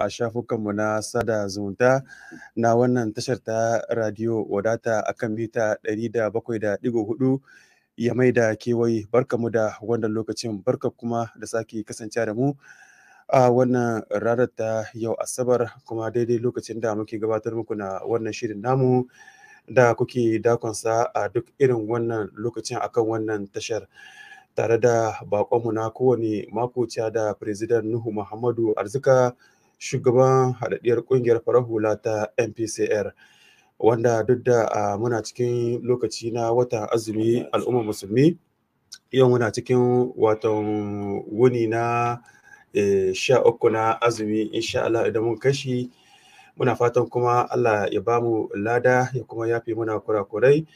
a shafukanmu na sada zumunta na wannan tashar ta radio wadata akan mita 700.4 ya mai da kewaye barka mu da wannan lokacin barka kuma da sake kasance da mu a wannan ranar ta yau asabar kuma daidai lokacin da muke gabatar muku na wannan shirin namu da kuke dakonsa a duk irin wannan lokacin akan wannan tashar. tare da bakonmu na kowane mako da Firizidan Nuhu Muhammadu Arzika shugaban haɗaɗɗiyar ƙungiyar farar hula ta MPCR. Wanda duk da muna cikin lokaci na wata azumi al'umma musulmi, yau muna cikin watan wuni na e, sha uku na azumi insha Allah idan mun kashi muna fatan kuma Allah ya ba mu lada ya kuma yafe muna kurakurai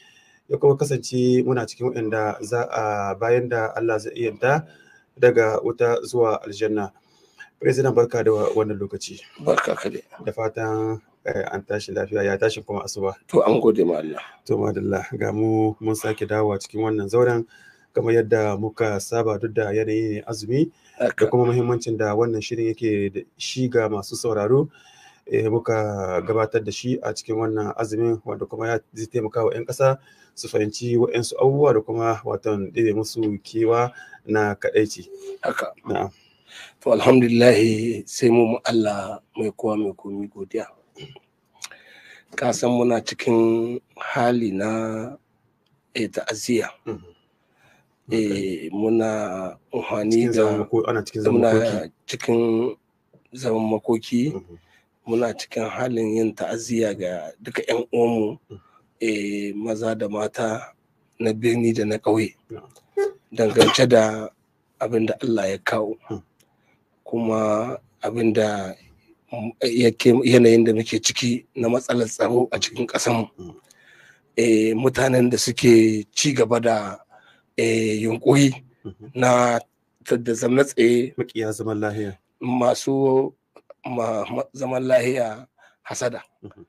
ya kuma kasance muna cikin waɗanda za a bayan da Allah zai iya daga wuta zuwa aljanna. President barka da wannan lokaci. Barka ka dai. Da fatan eh, an tashi lafiya ya tashi kuma asuba. To an gode ma Allah. To madalla ga mu mun sake dawowa cikin wannan zauren kamar yadda muka saba duk da yanayin azumi da kuma muhimmancin da wannan shirin yake da shi ga masu sauraro. Eh, muka gabatar da shi a cikin wannan azumin wanda kuma ya zai taimaka wa 'yan ƙasa su fahimci wayansu abubuwa da kuma watan ɗaya musu kewa na kaɗaici. Haka. Na'am. to alhamdulillah sai mu Allah mai kowa mai komi godiya ka san muna cikin hali na e, ta'aziyya e, muna uhani da muna cikin zaman makoki mm-hmm. muna cikin halin yin ta'aziyya ga duka 'yan uwanmu mu. Mm-hmm. Eh, maza da mata na birni da na ƙauye dangance da abin da Allah ya kawo. Mm. kuma abin da yanayin da muke ciki na matsalar tsaro a cikin e mutanen da suke ci gaba da eh, yunkuri mm-hmm. na da zama tsaye makiya zaman lahiya masu zaman lahiya hasada mm-hmm.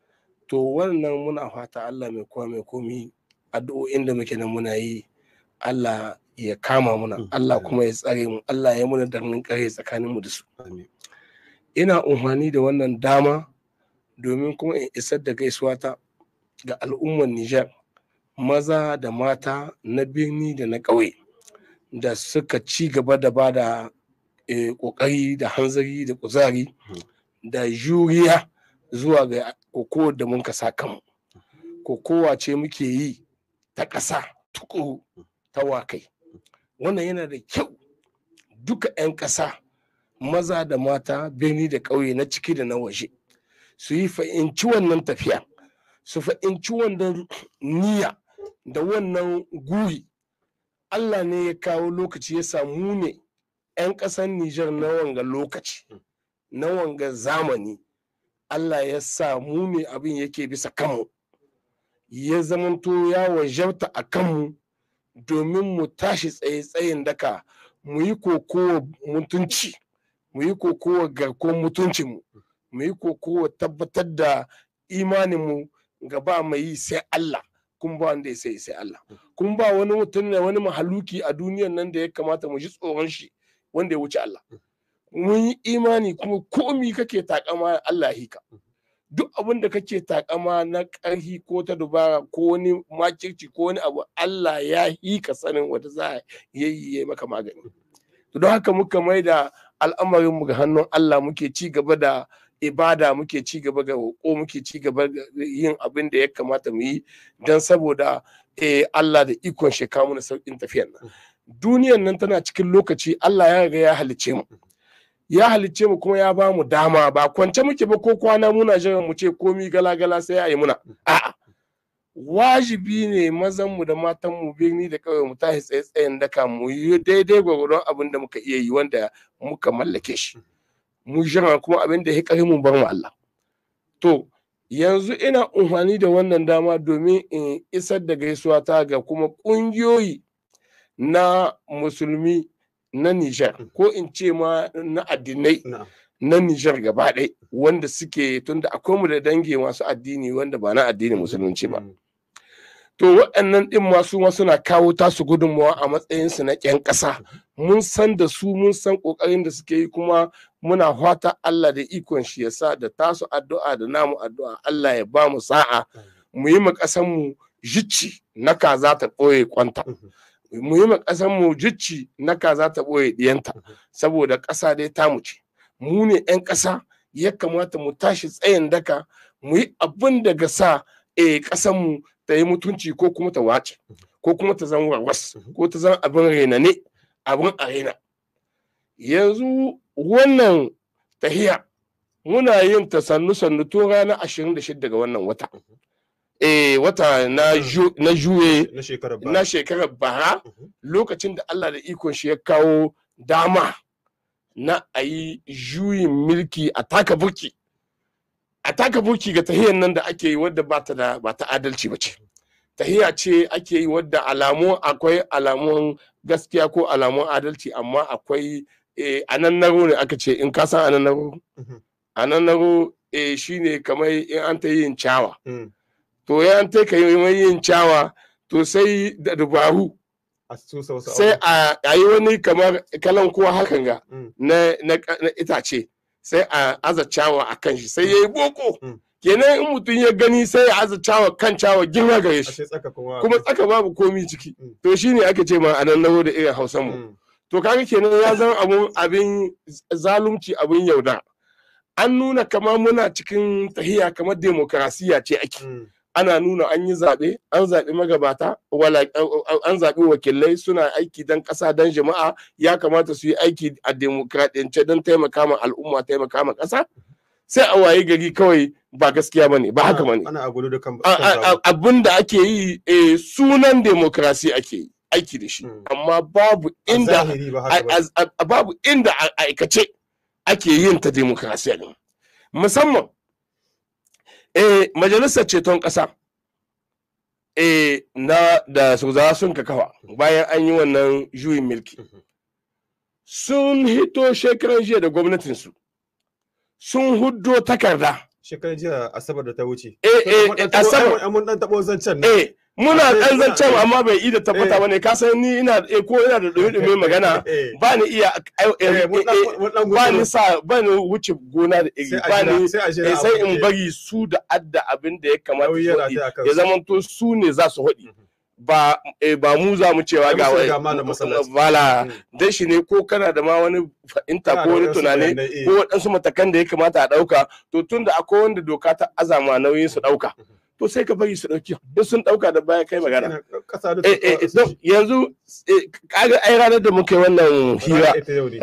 to wannan muna fata allah mai kowa mai komi addu'o'in da muke nan muna yi allah ya kama muna mm. Allah kuma ya tsare mu Allah ya muna darnin kare tsakanin mu da su ina umarni da wannan dama domin kuma in isar da gaisuwa ta ga al'ummar Nijar maza da mata na birni da na ƙauye da suka ci gaba da ba da eh, ƙoƙari da hanzari da kuzari mm. da juriya zuwa ga kokowar da mun kasa kanmu mm. kokowa ce muke yi ta ƙasa tuƙuru ta wakai wannan yana da kyau duka 'yan ƙasa maza da mata birni da ƙauye na ciki da na waje su yi fa'inci wannan tafiya su fa'inci wannan niyya da wannan guri Allah ne ya kawo lokaci ya samu ne 'yan ƙasar Nijar na wanga lokaci na wanga zamani Allah ya samu ne abin yake bisa kanmu ya zamanto ya wajabta a kanmu domin mu tashi tsaye tsayin daka mu yi kokowa mutunci mu yi kokowa garkon mutuncinmu mu yi kokowa tabbatar da imaninmu ga ba mai yi sai Allah kun ba wanda ya sai sai Allah kun ba wani mutum ne wani mahaluki a duniyar nan da ya kamata mu ji tsoron shi wanda ya wuce Allah mun yi imani kuma komi kake takama Allah ya hika duk abin da kake takama na ƙarfi ko ta dubara ko wani makirci ko wani abu Allah ya yi ka sanin wata za ya yi ya maka magani to don haka muka mai da al'amarinmu ga hannun Allah muke ci gaba da ibada muke ci gaba ga roƙo muke ci gaba yin abin da ya kamata mu yi don saboda eh, Allah da ikon shekaru na sauƙin tafiyan nan duniyan nan tana cikin lokaci Allah ya ya halice mu ya halicce mu kuma ya bamu dama ba kwance muke ba ko kwana muna jiran mu ce komi gala-gala sai ya yi muna a'a wajibi ne mazan mu da matan mu birni da kawai mu tashi tsaye-tsayen daka mu yi daidai gwagwaron abin da muka iya yi wanda muka mallake shi mu jira kuma abin da ya kare mu bar mu Allah to yanzu ina amfani da wannan dama domin in isar da gaisuwa ta ga kuma ƙungiyoyi na musulmi na Nijar mm. ko in ce ma na addinai na Nijar gaba ɗaya wanda suke tunda akwai mu da dange masu addini wanda ba na addini musulunci ba. Mm. to waɗannan ɗin masu ma suna kawo tasu gudunmawa a matsayin su na ƙyan ƙasa mun san da su mun san ƙoƙarin da suke yi kuma muna fata Allah da ikon shi ya sa da tasu addu'a da namu addu'a Allah ya ba mu sa'a mm. mu yi mu ƙasanmu mu jicci na kaza ta ɓoye kwanta mu yi ma ƙasar mu jicci na kaza ta ɓoye diyanta, saboda ƙasa dai ta mu ce mu ne 'yan ƙasa ya kamata mu tashi tsayin daka mu yi abin da ga sa e ƙasar mu ta yi mutunci ko kuma ta wace ko kuma ta zan warwas ko ta zan abin rena ne abin a rena yanzu wannan tahiya muna yin ta sannu sannu to rana 26 ga wannan wata eh wata hmm. na juye na shekarar bara mhm. lokacin da Allah da ikon shi ya kawo dama na a yi juyin milki a taka burki a taka burki ga tahiyar nan da ake yi wadda ba ta da ba ta adalci ba ce mhm. tahiya ce ake yi wadda alamu akwai alamun gaskiya ko alamun adalci amma akwai eh, nan naro ne aka ce in ka nan anannaro mhm. anannaro eh, shi shine kamar in an ta yin cawa hmm. to ya an taika yin cawa to sai da dubaru sai a yi wani kamar kalan kowa hakan ga mm. na itace sai a aza cawa a kan shi sai mm. ya yi boko mm. kenan in mutum ya gani sai ya aza cawa kan cawa girma gare shi kuma tsaka babu komi ciki to shine ake ce ma anan da irin hausa mu to kaga kenan ya zama abin zalunci abin yauda. an nuna kamar muna cikin tahiya kamar demokarasiya ce ake ana nuna an yi zaɓe an zaɓi magabata an zaɓi wakilai suna aiki don ƙasa don jama'a ya kamata su yi aiki a demokradiyance don taimaka ma al'umma taimaka ma ƙasa sai a waye gari kawai ba gaskiya ba ne ba haka ba ne abin da ake yi eh, sunan demokrasi ake yi aiki da shi hmm. amma babu inda babu inda aikace ake yin ta demokrasiya musamman eh majalisar ceton ƙasa eh na da za sun ka bayan an yi wannan juyin milki, sun hito shekaran jiya da gwamnatinsu sun huddo takarda shekaran jiya asabar da ta wuce eh eh asabar zancen eh muna ɗan can eh. amma bai yi da tabbata eh. ba ne ka san ni ina eh, ko ina da dumi ɗumi magana ba ni iya ba ni sa ba ni wuce gona da iri ba ni sai in bari su da adda abin da ya kamata ya to su ne za su haɗi mm-hmm. ba ba mu za mu cewa ga wai bala mm. dan shi ne ko kana da ma wani fahimta ko wani tunani ko waɗansu matakan da ya kamata a ɗauka to tun da akwai wanda doka ta azama nauyin su ɗauka mm-hmm. to sai ka bari su ɗauki. in sun ɗauka da baya kai magana eh, eh, yanzu eh, kaga ai ranar da muka yi wannan hira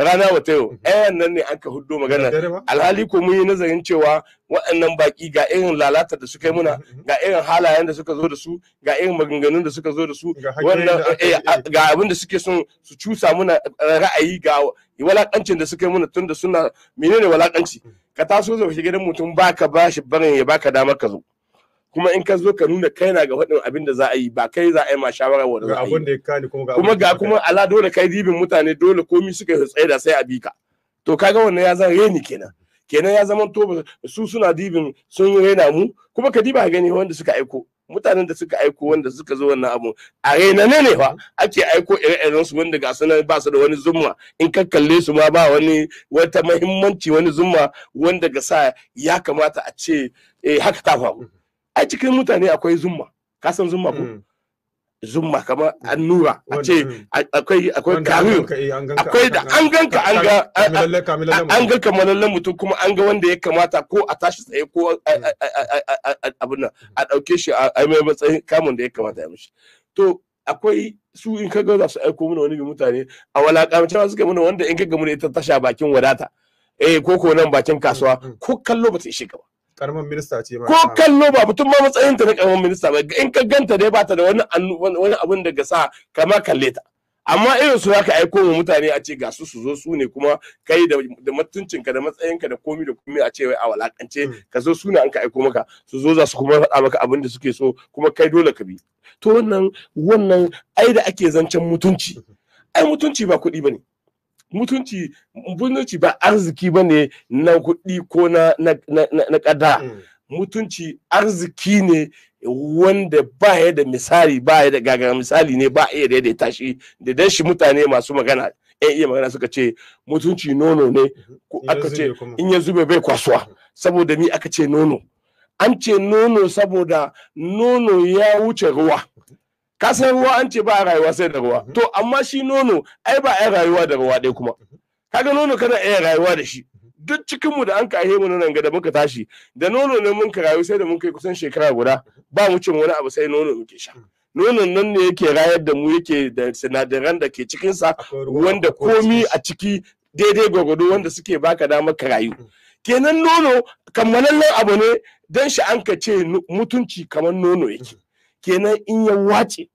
rana wata yau mhm. ai nan ne aka huddo magana alhali ko mun yi nazarin cewa waɗannan baki ga irin lalata da suka yi muna mhm, mhm. ga irin halayen da suka zo da su ga irin maganganun da suka zo da su ga abin da suke son su cusa muna ra'ayi ga walakancin da suka yi muna tun da suna menene walakanci ka taso zo shiga gidan mutum baka bashi barin ya baka damar ka zo kuma in ka zo ka nuna kai na ga faɗin abin da za a yi ba kai za a yi ma shawara wa da za a yi kuma ga kuma ala dole kai dibin mutane dole komi suka yi tsaye da sai a bi ka to kaga wannan ya zan reni kenan kenan ya zama to su suna dibin sun rena mu kuma ka diba gani wanda suka aiko mutanen da suka aiko wanda suka zo wannan abu a rena ne ne fa ake aiko ire-iren su wanda ga sanar ba su da wani zumma in ka kalle su ma ba wani wata mahimmanci wani zumma wanda ga sa ya kamata a ce eh, haka ta faru a cikin mutane akwai zumma ka san zumma ko mm. zumma kamar mm. annura a ce mm. akwai akwai eh, akwai da an ganka an ga an ga mutum kuma an ga wanda ya kamata ko a tashi tsaye ko abin a dauke shi a mai matsayin kamun da ya kamata ya mishi to akwai su in ka ga za su aiko mana wani mutane a walakamacin ma suka mana wanda in ka gamu da ita tasha bakin wadata eh ko ko nan bakin kasuwa ko kallo ba ta ishe gaba karamin minista ce ko kallo ba mutum ma matsayin ta na karamin minista ba in ka ganta dai ta da wani wani abin ga sa ka kalle ta amma irin su zaka aiko mu mutane a ce ga su su zo su ne kuma kai da da mutuncinka da matsayinka da komi da komi a ce wai a walakance hmm. ka zo suna an ka aiko maka su zo za su kuma faɗa maka abin da suke so kuma kai dole ka bi to wannan wannan ai da ake zancen mutunci hmm. ai mutunci ba kuɗi bane mutunci mutunci ba arziki ba ne na kuɗi ko na na kada mm. mutunci arziki ne wanda ba ya da misali ba ya da gagara misali ne ba iya da tashi da dan shi mutane masu magana yan iya magana suka ce mutunci nono ne mm-hmm. ko aka ce in ya zube bai kwasuwa mm-hmm. saboda ni aka ce nono an ce nono saboda nono ya wuce ruwa ka san ruwa an ce ba a rayuwa sai da ruwa mhm. to amma shi nono ai ba a rayuwa da ruwa ɗaya kuma mhm. kaga nono kana iya rayuwa da shi mhm. duk cikinmu da an ka mu nan ga da muka tashi da nono ne mun rayu sai da mun kai kusan shekara guda ba mu cin wani abu sai nono muke sha nonon nan ne yake rayar da mu yake da sinadaran da ke cikinsa wanda komi a ciki daidai gwagwado wanda suke baka damar ka rayu kenan nono kammalallen abu ne dan shi an ka ce mutunci kamar nono yake kenan in ya wace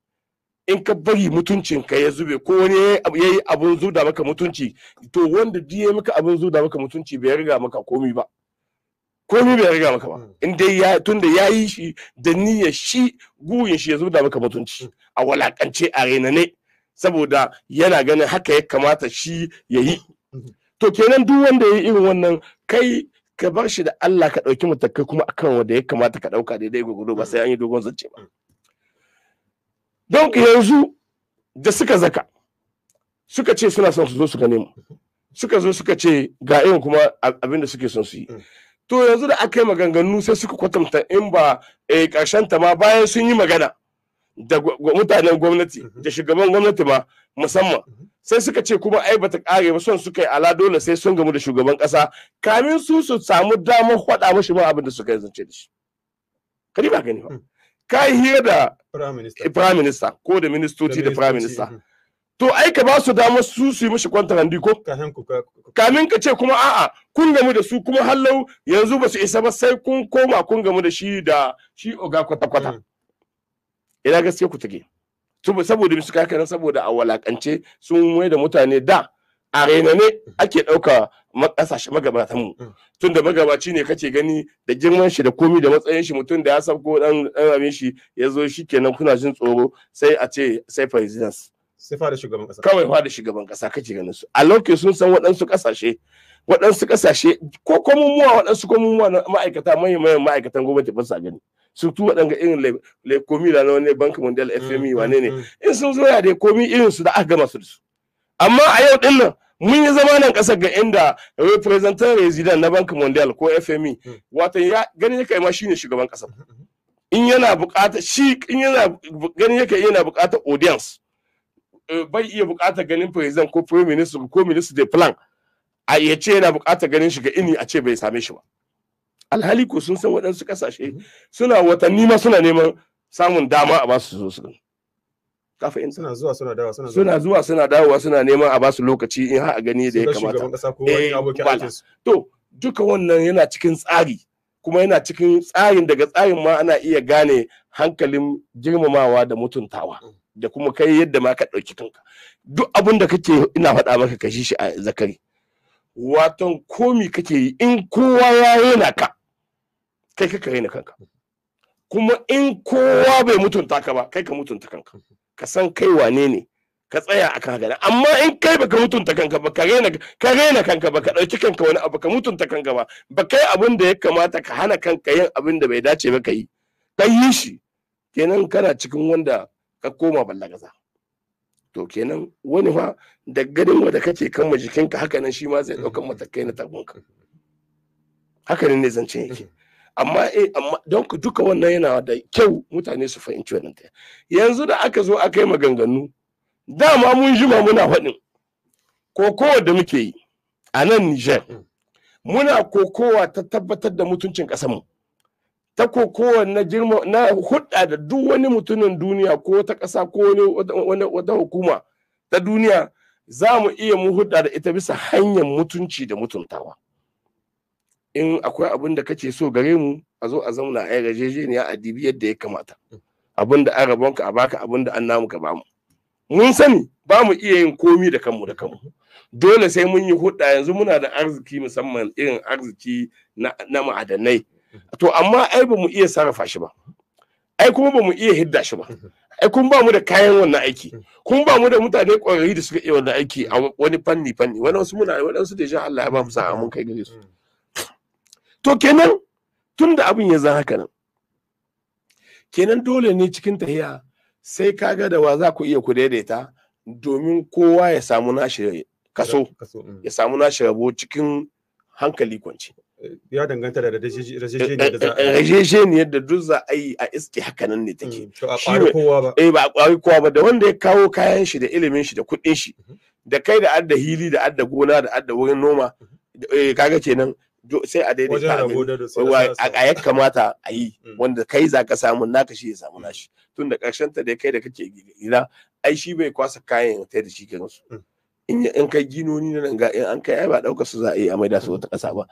in ka bari mutuncin ka ya zube ko wani ya yi abin zuda maka mutunci to wanda duk ya maka abin zuda maka mutunci bai riga maka komi ba komi bai riga maka ba hmm. in dai ya tunda ya yi shi da niyyar shi guyin shi ya zuda maka mutunci hmm. a walakance a ne saboda yana ganin haka ya kamata shi ya yi hmm. to kenan duk wanda ya yi irin wannan kai ka bar shi da Allah ka ɗauki mutakai kuma akan wanda ya kamata ka ɗauka daidai gwagwado ba sai an yi dogon zance ba. don yanzu da suka zaka suka ce suna son su zo su gane mu suka zo suka ce ga irin kuma abin da suke son su yi mm. to yanzu da aka yi maganganu sai suka kwatanta in ba karshen eh, ta ma bayan sun yi magana da mutanen gwamnati mm-hmm. da shugaban gwamnati ma musamman mm-hmm. sai suka ce kuma ai bata kare ba son suka yi ala dole sai sun gamu da shugaban kasa kamin su su samu damar faɗa mashi ma abin da suka yi zance da shi kari ba gani ba mm. kai hira da Eh, prime minister ko da ministoci da prime minister mhm. to ai ka ba su damar su su yi mishi kwantar handi ko kamin ka ce kuma a'a kun gamu da su kuma hallau yanzu ba su isa ba sai kun koma kun gamu da shi da shi oga kwata-kwata mm. ina gaske ku take saboda misu kakarar saboda a walakance sun mai da mutane da a ne mm. ake ɗauka kasashe magabatanmu mm. tun da magabaci ne kace gani da girman shi da komi da matsayin shi mutum da ya sabko dan dan amin shi ya zo shikenan kuna jin tsoro sai a ce sai presidents sai fara shugaban kasa kawai fara shugaban kasa kace ganin su a lokacin sun san waɗansu kasashe waɗansu kasashe ko komumuwa waɗansu komumuwa na ma'aikata manyan ma'aikatan gwamnati ba sa gani surtout waɗanga irin le komi da na wani bank mondial fmi e mm, wane mm, ne in sun zo ya da komi irin su da aka gama su da su amma a yau din nan mun yi zama nan kasar ga inda representant resident na bank mondial ko fme hmm. wato ya gani yake ma shine shugaban kasar hmm, hmm, in yana bukata shi in yana gani yake yana bukata audience eh, bai iya bukata ganin president ko prime minister ko minister de plan a ya ce yana bukata ganin shi ga ini a ce bai same shi ba alhali ko sun san waɗansu kasashe suna watanni ma suna neman samun dama a basu su su ka fahimta suna zuwa suna dawowa suna suna zuwa suna dawowa suna neman a ba su lokaci in har a gani da ya kamata eh, to duka wannan yana cikin tsari kuma yana cikin tsarin daga tsarin ma ana iya gane hankalin girmamawa da mutuntawa mm. da kuma kai yadda ma ka ɗauki kanka duk abin da kake ina faɗa maka ka shi a zakari waton komi kake yi in kowa ya rena ka kai kaka raina kanka kuma in kowa bai mutunta ka ba kai ka mutunta kanka mm-hmm. ka san kai wane ne ka tsaya a kan haka amma in kai baka mutunta kanka ba ka rena ka kanka ba ka dauki kanka wani abu ka mutunta kanka ba ba kai abin da ya kamata ka hana kanka yin abin da bai dace ba ka yi ka yi shi kenan kana cikin wanda ka koma ballagaza to kenan wani fa da gadin wanda kake kan jikinka haka nan shi ma zai daukan matakai na tabonka haka ne zan zancen yake amma eh amma don duka wannan yana da kyau mutane su fahimci wannan ta yanzu da aka zo aka yi maganganu dama mun ji ma muna faɗin kokowa da muke yi a nan Niger mm. muna kokowa ta tabbatar da mutuncin mu ta kokowa na girma na hudda da duk wani mutumin duniya ko ta ƙasa ko wani wata hukuma ta duniya za mu iya mu hudda da ita bisa hanyar mutunci da mutuntawa in akwai abin da kace so gare mu a zo a zauna a yarjejeniya a dibi yadda ya kamata abin da an ka a baka abin da an namu ka bamu mun sani ba mu iya yin komi da kanmu da kanmu dole sai mun yi hudda yanzu muna da arziki musamman irin arziki na, na ma'adanai to amma ai ba mu iya sarrafa shi ba ai kuma ba mu iya hidda shi ba ai kun ba mu da kayan wannan aiki kun ba mu da mutane ƙwararri da suka iya wannan aiki a wani fanni fanni wani wasu muna wani wasu da Allah ya ba mu sa'a mun kai gare su to kenan tun da abin ya zan haka nan kenan dole ne cikin tahiya sai ka ga da wa za ku iya ku daidaita domin kowa ya samu nashi kaso mm. ya samu nashi rabo cikin hankali kwanci eh, ya danganta da ne eh, da eh, duk za a yi a iske hakanan ne take mm, eh ba a kwari kowa ba da wanda ya kawo kayan shi da ilimin shi da kuɗin shi mm-hmm. da kai da adda hili da adda gona da adda wurin noma mm-hmm. kaga kenan sai a daidaita a ya kamata a yi mm. wanda kai za ka samu naka shi ya samu nashi mm. tun da ƙarshen ta dai kai da kake gina ai shi bai kwasa kayan ta da shi kan su mm. in kai ginoni na nan ga in an kai ai ba ɗaukar su za a yi a maida su wata ƙasa ba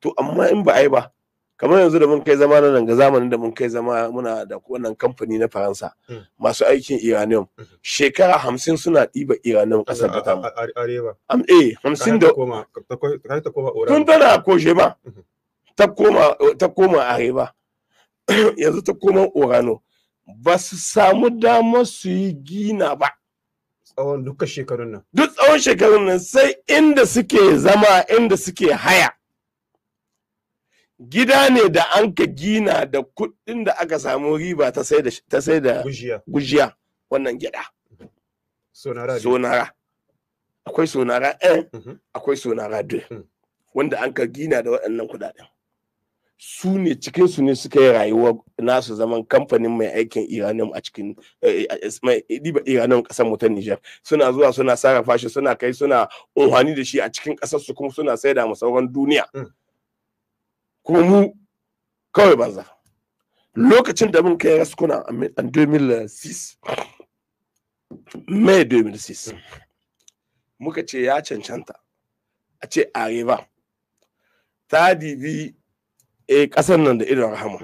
to amma in ba ai ba kamar yanzu da mun kai zama nan ga zamanin da mun kai zama muna da wannan kamfani na faransa hmm. masu aikin iranium hmm. shekara hamsin suna ɗiba iranium ƙasar da tamu eh hamsin da tun tana koshe ba hmm. ta koma arewa yanzu ta koma orano ba su samu dama su yi gina ba tsawon dukkan shekarun nan duk tsawon shekarun nan sai inda suke zama inda suke haya gida ne da an ka gina da kuɗin da aka samu riba ta sai da gujiya wannan gida sonara akwai sonara ɗaya mhm. akwai sonara biyu hmm. wanda an ka gina da waɗannan kuɗaɗen su ne cikin su ne suka yi rayuwa nasu zaman kamfanin mai aikin iranium a cikin eh, eh, ɗiba iranium ƙasar mu ta Nijar suna zuwa suna sarrafa shi suna kai suna unhani da shi a cikin ƙasar su kuma suna saida mu sauran duniya hmm. kuma mu kawai banza lokacin da mun kai raskuna a 2006 mai 2006 muka ce ya cancanta a ce areba ta dibi a eh, ƙasar nan da idon rahama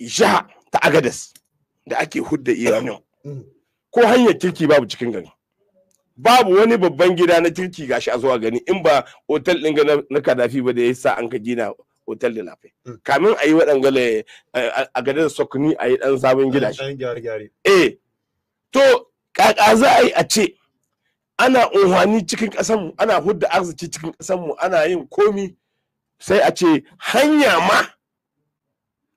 jiha ta agadas da ake hudda iranium ko hanyar kirki babu cikin gari babu wani babban gida na kirki gashi a zuwa gani in ba otal ɗin na kadafi ba da ya sa an ka gina hotel la lafai hmm. kamin a yi waɗangale a gadar sokuni a yi ɗan sabon gidaje eh to kaka za a yi a ce ana unhwani cikin ƙasanmu ana hudda arziki cikin ƙasanmu ana yin komi sai a ce hanya ma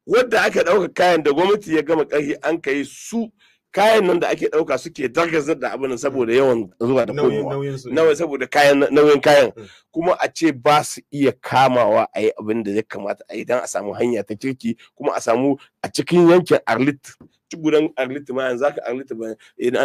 wadda aka ɗauka kayan da gwamnati ya gama ƙarfi an kai su kayan nan da ake ɗauka suke dargazar da abin saboda yawan zuwa da komowa saboda kayan nauyin kayan mm. kuma a ce ba su iya kamawa a yi abin da ya kamata a idan a samu hanya ta kirki kuma a samu a cikin yankin arlit gudan arlit ma yanzu zaka arlit ba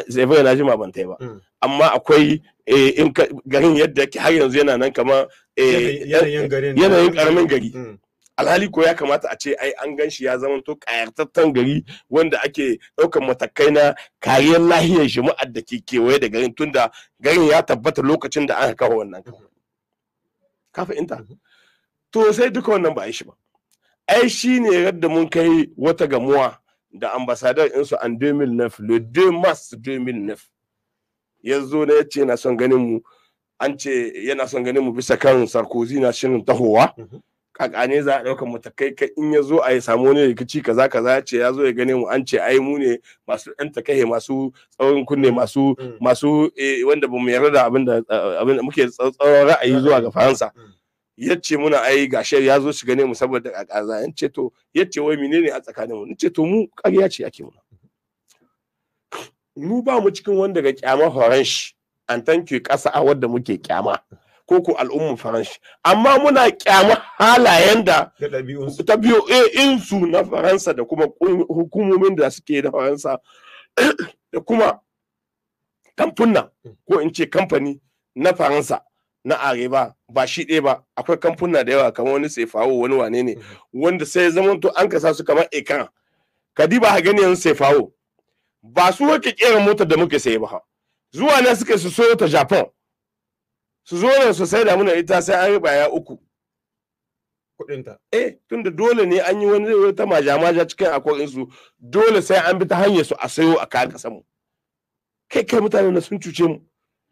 zai bai na jima ban tai ba mm. amma akwai eh, in garin yadda har yanzu yana nan kama eh, yanayin karamin gari mm. alhali ko ya kamata a ce ai an gan shi ya zama to kayartattan gari wanda ake ɗaukar matakai na kariyar lahiyar jama'ar da ke kewaye da garin tunda garin ya tabbata lokacin da aka kawo wannan ka fahimta mhm. to sai duka wannan ba a yi shi ba ai shi ne yadda mun kai wata gamuwa da ambasadar insu an 2009 le 2 mars 2009 ya zo na ya ce yana son ganin mu an ce yana son ganin mu bisa kan sarkozy na shirin tahowa mm kakane za a ɗaukar matakai kai in ya zo a samu wani rikici kaza kaza ya ce ya zo ya gane mu an ce ai mu ne masu ɗan takahe masu tsawon kunne masu mm. masu eh, wanda ba mu yarda da abin da eh, muke tsawon ra'ayi zuwa ga faransa mm. ya ce muna ai gashi ya zo shi gane mu saboda kakaza ya ce to ya ce wai menene a tsakanin mu ce to mu ƙarya ce ake muna mu ba mu cikin wanda ga kyama horon shi an tanke ƙasa a wadda muke kyama ko ko al'umman faransa amma muna kyama halayen da ta ɗabi'un su na faransa da kuma hukumomin da suke da faransa da kuma kamfuna ko in ce kamfani na faransa na areba ba shi ɗaya ba akwai kamfuna da yawa kamar wani sefawo wani wane ne wanda sai zaman to an kasa su kamar ekan kadiba ha gani yanzu sefawo ba su wake kera mota da muke saye ba zuwa ne suka su soyo ta japan su zo nan su sai da muna ita sai an yi baya uku kuɗinta eh tunda dole ne an yi wani ta maja-maja cikin akwai su dole sai an bi ta hanyar su a sayo a kayan ƙasar mu kai kai mutane na sun cuce mu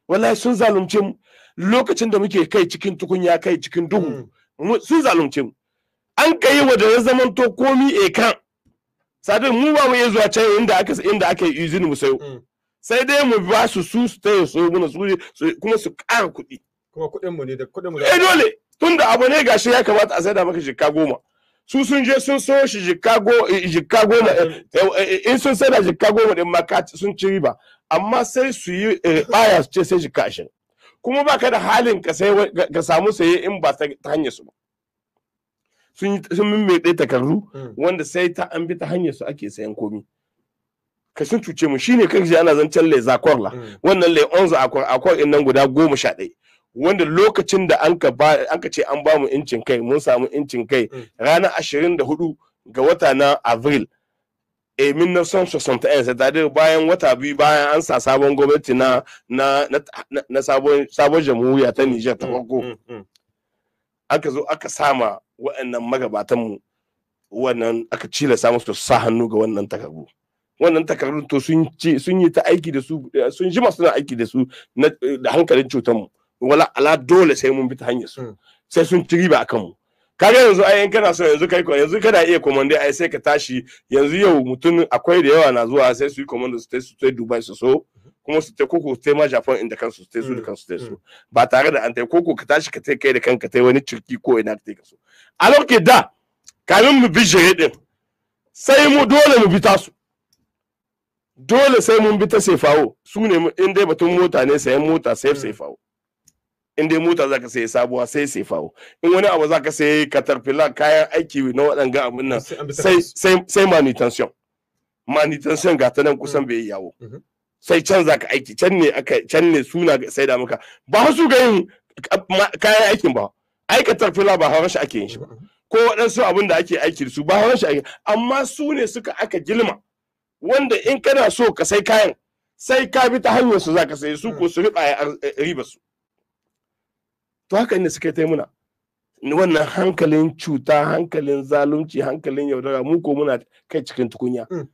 wallahi sun zalunce mu lokacin da muke kai cikin tukunya kai cikin duhu mm. sun zalunce mu an kai wa da ya to komi ekan sadin mu ba mu iya zuwa can inda aka inda aka yi izini mu sayo mm. sai dai mu ba su su su taya su muna su kuma su kara kuɗi kuma kuɗin mu ne da kuɗin mu eh dole tunda abu ne gashi ya kamata a saida maka jikka goma su sun je sun so shi jikka eh, goma eh, eh, in sun saida jikka goma din ma sun ci riba amma sai su yi baya su ce sai jikka ashirin kuma baka da halin ka samu saye in ba ta hanyar su ba sun mimmiɗe takardu hmm. wanda sai ta an bi ta hanyar su ake sayan komi ka cuce mu shine kan ji ana zancen le zakor la mm. wannan le 11 akor akwar in nan guda 11 wanda lokacin da an ka ba an ka ce an ba mu incin kai mun samu incin kai mm. ranar 24 ga wata na avril a eh, son c'est-à-dire bayan wata biyu bayan an sa sabon gwamnati na na na sabon sabon jamhuriya ta Niger ta mm, farko aka zo aka sama waɗannan mu wannan aka cila samu su sa hannu ga wannan takardu wannan takardun to sun yi ta aiki da su eh, sun jima suna aiki da su eh, da hankalin cutar mu wala ala dole sai mun bi ta hanyar su hmm. sai sun ci riba akan mu kaga yanzu ai kana so yanzu kai yanzu kana iya komande ai sai ka tashi yanzu yau mutum akwai da yawa na zuwa sai su yi komando su tai su tai Dubai su so kuma su tai koko su tai ma Japan inda kansu su tai su da hmm. kansu tai su hmm. ba tare da an tai koko ka tashi ka tai kai da kanka tai wani cirki ko ina ka tai ka so a lokacin da kamin mu bi jere din sai mu dole mu bi tasu dole sai mun bi ta sefawo su ne in dai batun mota ne sayan mota sai mm. sefawo in dai mota zaka sayi sabuwa sai sefawo in wani abu zaka sayi katarfila kayan aiki na waɗanga abin nan sai sai sai manutention manutention ga ta nan kusan mm. bai yawo mm-hmm. sai can zaka aiki can ne aka can ne suna sai da maka ba su ga yin kayan aikin ba ai katarfila ba hawan shi ake yin shi ba mm-hmm. ko waɗansu abin da ake aiki su ba hawan shi amma su ne suka aka gilma wanda in kana so ka sai kayan sai ka bi ta hanyar su zaka sai su ko hmm. su riba eh, riba su to haka ne suka yi muna wannan hankalin cuta hankalin zalunci hankalin yaudara mu ko muna kai cikin tukunya hmm.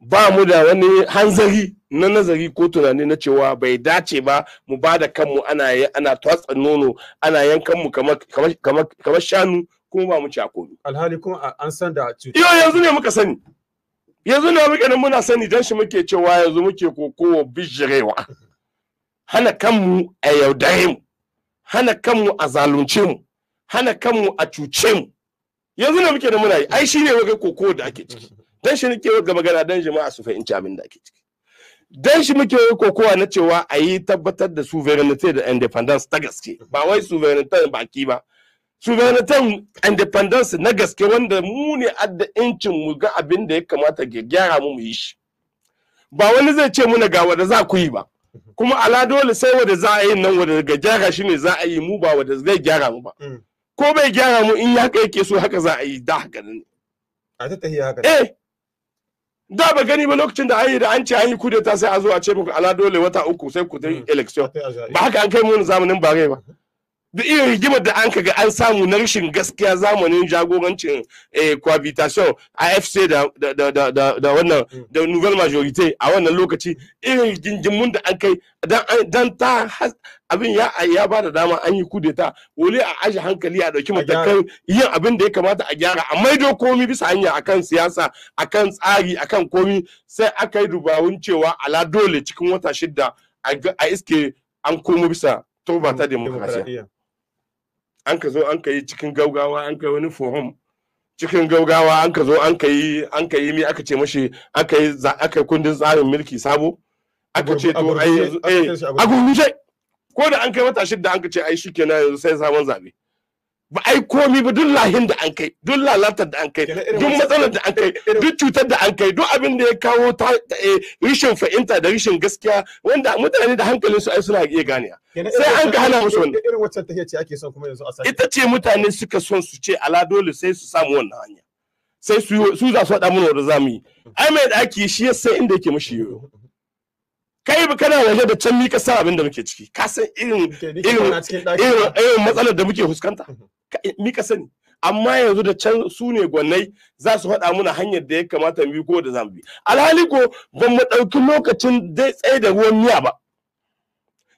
ba mu da wani hanzari na nazari ko tunani na cewa bai dace ba mu ba kanmu ana ana tatsa nono ana yankan mu kamar shanu kuma ba mu ci a komi alhali kuma an san da cuta yanzu ne muka sani yanzu na muke nan muna sani dan shi muke cewa yanzu muke kokowa bijirewa hana kanmu a yaudare mu hana kanmu a zalunce mu hana kanmu a cuce mu yanzu na muke da muna yi ai shine wai kokowa da ake ciki dan shi nake ga magana dan jama'a su fahimci abin da ake ciki dan shi muke yi kokowa na cewa a tabbatar da sovereignty da independence ta gaske ba wai sovereignty baki ba suverenitan independence na gaske wanda mu ne adda incin mu ga abin da ya kamata ga gyara mu yi shi ba wani zai ce muna ga wanda za ku yi ba kuma ala dole sai wanda za a yi nan wanda ga gyara shi ne za a yi mu ba wanda zai gyara mu ba mm. ko bai gyara mu in ya haka yake so haka za a yi da haka nan a ta tahiya haka eh da ba gani ba lokacin da ayi da an ce an yi kudeta sai a zo a ce muku ala dole wata uku sai ku ta mm. election ba haka an kai mu zamanin bare ba mm-hmm. da irin rigimar da an kaga an samu na rashin gaskiya zamanin jagorancin eh, cohabitation a fc da wannan mm. da nouvelle majorité a wannan lokaci irin gingimun da an kai dan ta abin ya ya ba da dama an yi kudeta wole a aji hankali a dauki matakan yin abin da ya kamata a gyara a maido komi bisa hanya akan siyasa akan tsari akan komi sai aka yi dubawun cewa ala dole cikin wata shidda a iske an komo bisa ba ta mm, demokrasiya an ka zo an ka yi cikin gaugawa an ka yi wani forum cikin gaugawa an ka zo an ka yi an ka yi mi aka ce mashi aka yi aka yi kundin tsarin mulki sabo aka ce to ai eh, a gurguje ko da an kai wata da an ka ce ai kenan yanzu sai sabon zabe ba ai komi ba duk lahin da an kai duk lalatar da an kai duk matsalar da an kai duk cutar da an kai duk abin da ya kawo ta eh, rishin fahimta da rishin gaskiya wanda mutane da hankalin su ai suna iya ganiya sai an ka hana musu wannan irin wacce take ce ake son kuma yanzu a ita ce mutane suka son su ce ala dole sai su samu wannan hanya sai su su za su haɗa mana wanda mu yi ai mai da ake shi ya san inda yake mishi yoyo kai ba kana waje da can mika sa abin da muke ciki ka san irin irin irin matsalar da muke fuskanta mhm. mika sani amma yanzu da can su ne gwanai za su faɗa muna hanyar da ya kamata mu ko da za mu bi alhali ko ban mu ɗauki lokacin dai tsaye da ruwan miya ba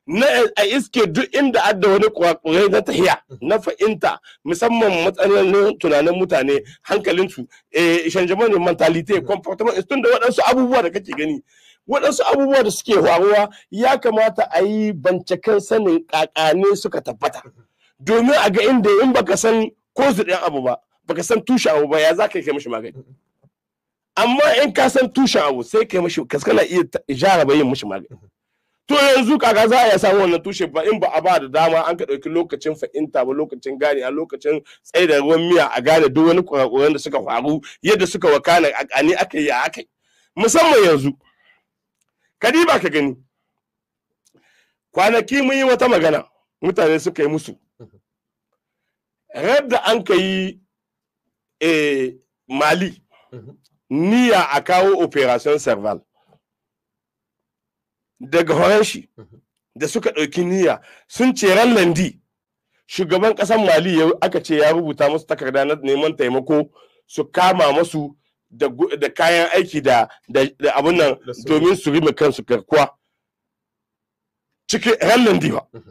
na a iske duk inda adda wani kwakwai na tahiya na fa'inta musamman matsalolin tunanin mutane hankalin su eh shanjaman mentality comportment tun da waɗansu abubuwa da kake gani waɗansu abubuwa da suke faruwa ya kamata a yi bancakan sanin kakane suka tabbata domin a ga inda in baka san ko ɗin abu ba baka san tushen abu ba ya za ka kai mashi magani amma in ka san tushen abu sai kai mashi ka kana iya jaraba yin mashi magani mm-hmm. to yanzu kaga za a iya samu wannan tushe ba in ba a ba da dama an ka ɗauki lokacin fa'inta ba lokacin gane a lokacin tsaye da ruwan miya a gane duk wani kurakuran da suka faru yadda suka wakana a ƙani aka yi a aka yi musamman yanzu ba ka gani kwanaki mun yi wata magana mutane suka yi musu radda an ka yi e, mali mhm. niyya a kawo operation serval daga horon mhm. da suka ɗauki niyya sun ce ran landi shugaban ƙasar mali ya aka ce ya rubuta musu takarda na neman taimako su kama masu da, kayan aiki da, abun nan domin su rime kansu karkuwa cikin ran landi ba mhm.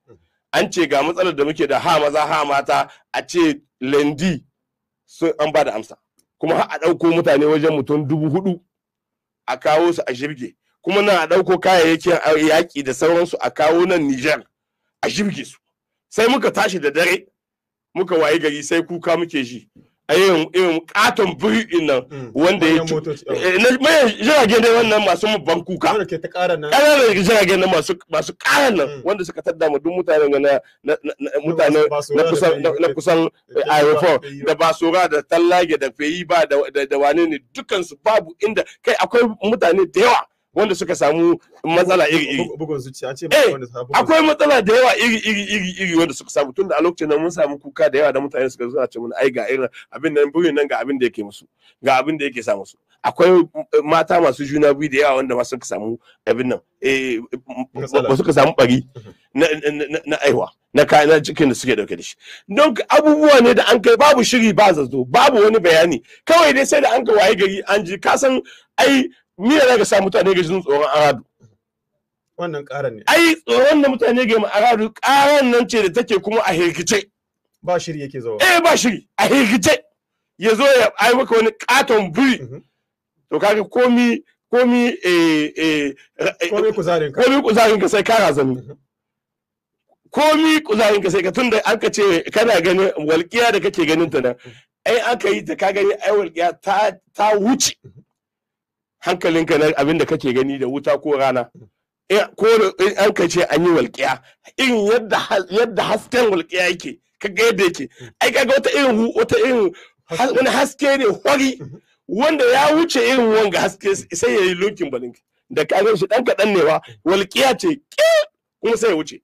an ce ga matsalar da muke da ha maza ha mata a ce lendi sun an ba da amsa kuma a ɗauko mutane wajen mutum dubu hudu a kawo su a shirge kuma nan a ɗauko kayayyakin yaƙi da sauransu a kawo nan Nijar a shirge su sai muka tashi da dare muka wayi gari sai kuka muke ji a irin katon buri'in nan mm. wanda ya ci oh. eh, mai jirage ne wannan masu mabban kuka da jirage ne masu ƙaran nan mm. wanda suka tadda ma duk mutanen na mutanen na kusan aeroport da eh, basura da tallage da feyi ba da wane ne dukansu babu inda kai akwai mutane da yawa wanda suka samu matsala iri iri eh, akwai matsala da yawa iri iri iri iri wanda suka samu tunda a lokacin nan mun samu kuka da yawa da mutane suka zo ce mun ai ga irin abin nan burin nan ga abin da yake musu ga abin da yake sa musu akwai mata masu juna biyu da yawa wanda ma suka samu abin nan eh ba suka samu bari na na aiwa na kayan cikin da suke dauke da shi don abubuwa ne da an kai babu shiri ba zazzo babu wani bayani kawai dai sai da an ka waye gari an ji ka san ai me ya ka sa mutane ga jin tsoron aradu wannan ƙaran ne ai tsoron da mutane ga aradu ƙaran nan ce da take kuma a hirgice ba shiri yake zawa eh ba shiri a hirgice ya zo ya ai maka wani katon buri mhm. to kaga komi komi eh eh kuzarin ka mhm. komi kuzarin ka sai kara zanni komi kuzarin ka sai ka tunda an ka ce kana ganin walƙiya da kake ganin ta nan mhm. ai aka yi ta ka gani ai walƙiya ta ta wuce hankalinka na abin da kake gani da wuta ko rana eh, ko an ka ce an yi walƙiya irin yadda hasken walƙiya yake ka ga yadda yake ai kaga wata irin wata irin wani haske ne hori wanda ya wuce irin wanga haske sai ya yi lokin balin da ga shi dan kaɗan ne wa walƙiya ce kuma sai ya wuce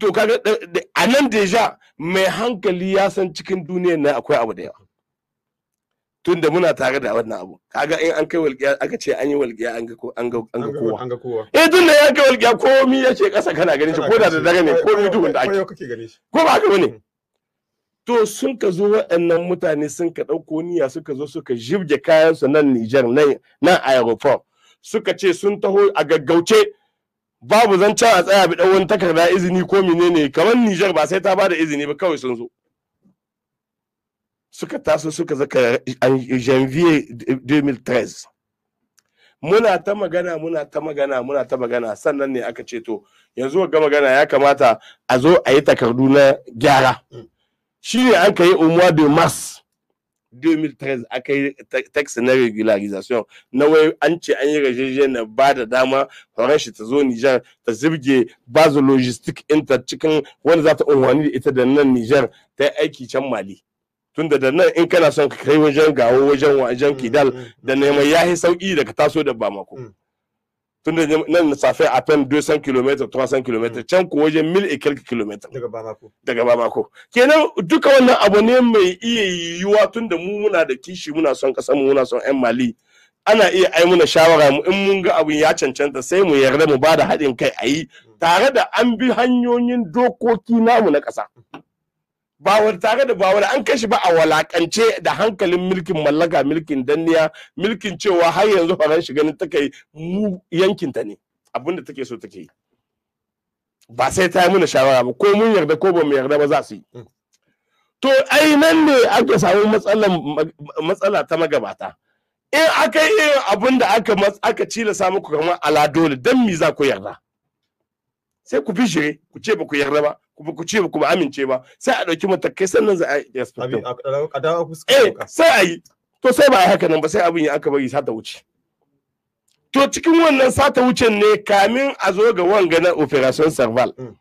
to kaga a deja mai hankali ya san cikin duniyar nan akwai abu da yawa tunda muna tare da wannan abu kaga in an kai walgiya aka ce an yi walgiya an ga an ga an ga kowa an ga kowa eh tunda ya kai walgiya komai yake ƙasa kana ganin shi ko da dare ne ko mu duhun da ake ko ba haka bane hmm. to sun ka zo waɗannan mutane sun ka ɗauko niyya suka zo suka jibge kayan su nan Niger nan nan aeroport suka ce sun taho a gaggauce babu zancen a tsaya bi ɗan wani takarda izini ko menene kamar Niger ba sai ta bada izini ba kawai sun zo suka taso suka zaka a janvier 2013 muna ta magana muna ta magana muna ta magana sannan ne aka ce to yanzu ga magana ya kamata a zo a yi takardu na gyara shi ne an yi umar de mars 2013 aka yi tax na regularization na wai an ce an yi rajeje na ba da dama horon ta zo Nijar ta zirge bazu logistic inter cikin wanda za ta unwani da ita da nan Nijar ta yi aiki can Mali. tunda da nan in kana son ka kai wajen gawo wajen wajen kidal mm, mm, da mm. neman yi sauki daga taso da bamako tunda nan safe a fen 200 km 300 km can ko wajen mil e km daga ba mako kenan duka wannan abu ne mai iya yiwuwa tunda mu muna da kishi muna son ƙasa mu muna son yan mali ana iya ai muna shawara mu in mun ga abin ya cancanta sai mu yarda mu bada haɗin kai a yi tare da an bi hanyoyin dokoki namu na ƙasa. ba tare da bawar an kashi ba a walakance da hankalin mulkin mallaka mulkin danniya mulkin cewa har yanzu faran shi ganin take mu yankin ta ne abinda take so take yi ba sai ta yi mana shawara ba ko mun yarda ko ba mu yarda ba za su yi hmm. to ai nan ne aka samu matsala ta magabata in aka yi irin abin da aka aka cila samu ku kamar ala dan mi za ku yarda sai ku fi fishire ku ce ba ku yarda ba kuma ku ce ku ba amince ba sai a ɗauki matakai sannan za a yi eh, sai a yi to sai ba a haka nan ba sai abin ya aka bari sata wuce to cikin wannan sata wucen ne kamin a zo ga wanga na operation serval mm.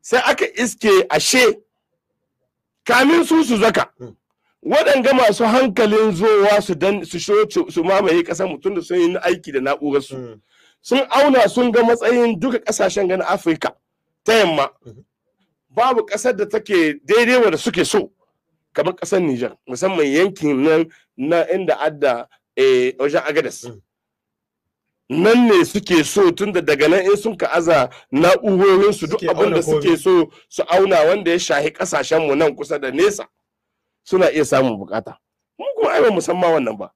sai aka iske ashe kamin su su zaka mm. waɗanga masu hankalin zowa su dan su su mamaye ƙasar mutum da sun yi aiki da na'urar su mm. sun auna sun ga matsayin duka ƙasashen ganin afirka ta yamma mm-hmm. babu ƙasar da take daidai da suke so kamar ƙasar Nijar musamman yankin nan na inda adda eh, wajen Agadas. Mm. Nan ne suke so tun daga nan in sun aza na'urorinsu duk abin da suke so su auna wanda ya shahi ƙasashenmu nan kusa da nesa suna iya samun bukata. Mun kuma ai musamman wannan ba.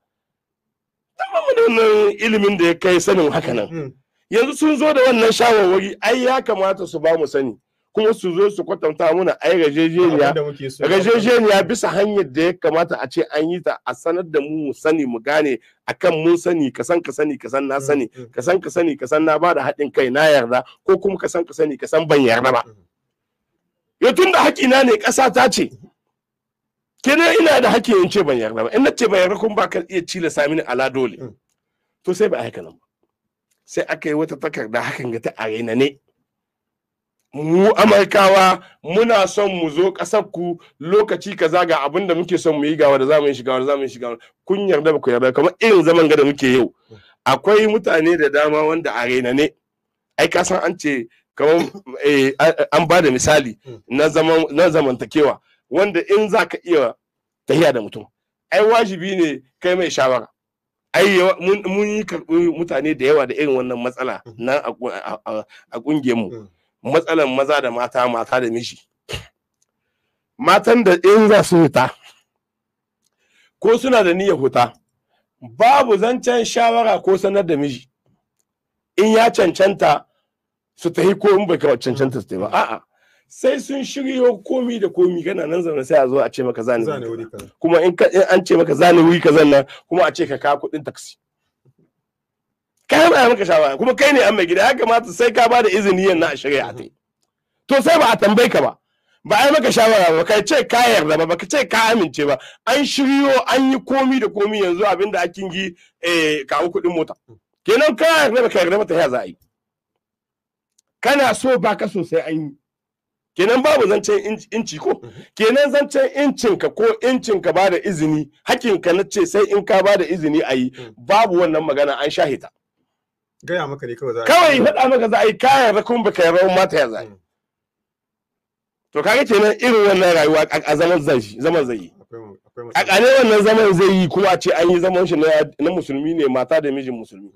mu da wannan ilimin da ya kai sanin haka nan. Mm. Yanzu sun zo da wannan shawarwari ai ya kamata su ba mu sani. kuma su zo su kwatanta muna yi rajejeniya rajejeniya bisa hanyar da ya kamata a ce an yi ta a sanar da mu mu sani mu gane akan mun sani ka san ka sani ka na sani mm, mm. ka san ka sani ka san na ba da haɗin kai na yarda ko kuma ka san ka sani ka san ban yarda ba mm, ya tun da haƙina ne ƙasa ta ce kenan ina da haƙƙi in ce ban yarda ba in na ce ban yarda kuma ba ka iya cila sami ni ala dole to sai ba a nan ba sai aka yi wata takarda hakan ga ta arena ne mu amurkawa muna son mu zo ku lokaci kaza ga abin da muke son mu yi gawa da za mu yi shiga da za mu yi shiga kun yarda ba ku yarda kamar irin zaman ga da muke yau akwai mutane da dama wanda a raina ne ai ka san an ce kamar eh, an ba da misali na zamantakewa wanda in za ka iya tahiya da mutum ai wajibi ne kai mai shawara ai mun yi karɓi mutane da yawa da irin wannan matsala na a ƙungiyarmu mm. matsalan maza da mata mata da miji matan da in za su fita ko suna da niyyar fita babu zancen shawara ko sanar da miji in ya cancanta su tafi ko in bai cancanta su ba a'a sai sun shiryo komi da komi kana nan zaune sai a zo a ce maka zane kuma in an ce maka zane wuri ka nan kuma a ce ka ka kuɗin taksi kai ba maka shawara kuma kai ne an mai gida ya kamata sai ka ba da izini yin na shari'a ta to sai ba a tambaye ka ba ba ai maka shawara ba kai ce ka yarda ba ka ce ka amince ba an shiryo an yi komi da komi yanzu abinda akin gi eh kawo kuɗin mota kenan ka yarda ba ka yarda ba ta ya za a yi kana so ba ka so sai an yi kenan babu zancen inci ko mhm. kenan zancen incinka ko incinka ba da izini hakinka na ce sai in ka ba da izini ayi. Mm. babu wannan magana an sha hita. gaya maka ne kawai za kawai faɗa maka za a yi kayan rakun kuma baka yarda ma ta yaza hmm. to kaga kenan irin wannan rayuwa a zaman zai zaman zai yi a kane wannan zaman zai yi kuma a ce an yi zaman shi na musulmi ne mata da mijin musulmi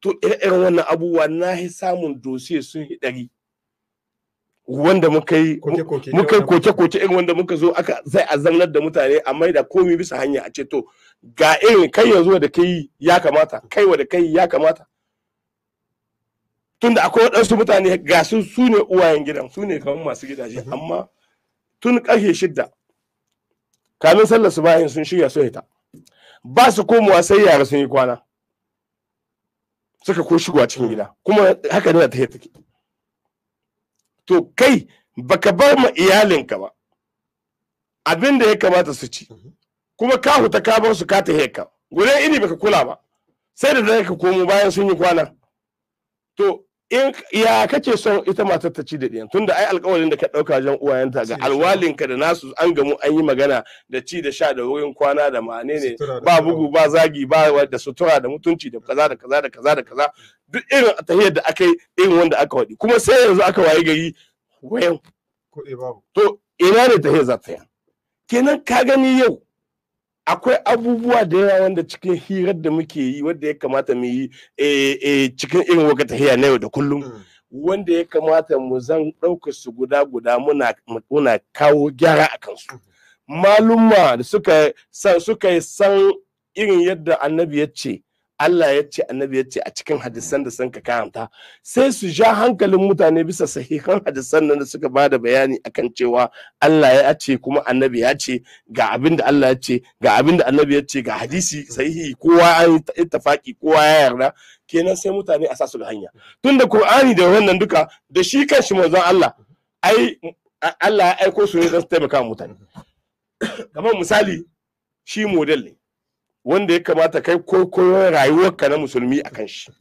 to irin wannan abubuwa na yi samun dosiye sun yi ɗari wanda muka yi koke-koke irin wanda muka zo aka zai a azamnar da mutane a maida komi bisa hanya a ce to ga irin kai yanzu da kai ya kamata kai wa da kai ya kamata tunda akwai waɗansu mutane ga su su ne uwayen gidan su ne kamar masu gidaje mhm. amma tun ƙarfe shidda kamin sallar su bayan sun shirya su hita ba su komowa sai yara sun yi kwana suka ko shigowa cikin mhm. gida kuma haka ne ta take to kai baka bar ma iyalinka ba abin da ya kamata su ci mhm. kuma ka huta ka bar su ka ta heka gudan ini baka kula ba sai da ka komo bayan sun yi kwana to in ya kace son ita matar ta ci da ɗiyan tunda ai alƙawarin da ka ɗauka wajen uwayenta ga alwalinka da nasu an gamu an yi magana da ci da sha da wurin kwana da mane ne ba bugu ba zagi ba da sutura da mutunci da kaza da kaza da kaza da kaza duk irin tahiyar da aka yi irin wanda aka waɗi kuma sai yanzu aka waye gari wayan to ina ne tahiyar za ta yi kenan ka gani yau akwai abubuwa da yawa wanda cikin hirar da muke yi wanda ya kamata mu yi eh, eh, cikin irin waka tahiya na yau da kullum mm. wanda ya kamata mu zan ɗaukar su guda guda muna kawo gyara a kansu mm. malumma da suka san irin yadda annabi ya ce Allah ya ce annabi ya ce a cikin hadisan da sanka karanta sai su ja hankalin mutane bisa sahihan hadisan nan da suka ba da bayani akan cewa Allah ya ce kuma annabi ya ce ga abin da Allah ya ce ga abin da annabi ya ce ga hadisi sahihi kowa an ittafaki kowa ya yarda kenan sai mutane a sa su ga hanya tunda Qur'ani da wannan duka da shi kanshi manzon Allah ai Allah ya aiko su ne don su taimaka mutane kamar misali shi model ne wanda ya kamata kai koyon rayuwarka na musulmi a kan shi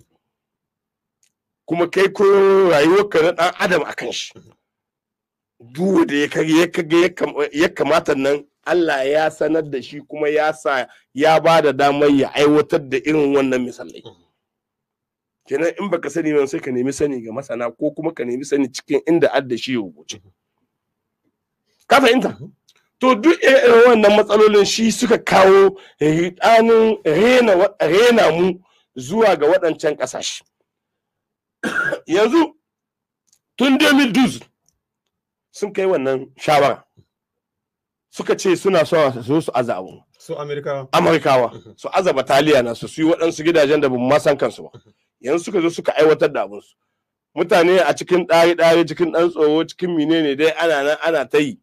kuma kai koyon rayuwarka na ɗan adam a kan shi duwa da ya kamata nan Allah ya sanar da shi kuma ya sa ya ba da damar ya aiwatar da irin wannan misalai kenan in baka sani ba sai ka nemi sani ga masana ko kuma ka nemi sani cikin inda adda shi ya wuce. ka fahimta mhm. to duk irin wannan matsalolin shi suka kawo ridanin eh, rena mu zuwa ga waɗancan ƙasashe yanzu tun 2012 sun kai wannan shawara suka ce suna so su su aza su amerikawa su aza bataliya na su su yi waɗansu gidajen da ba san kansu ba yanzu suka zo suka aiwatar da abinsu mutane a cikin ɗari-ɗari cikin ɗan tsoro cikin menene dai ana nan ana ta yi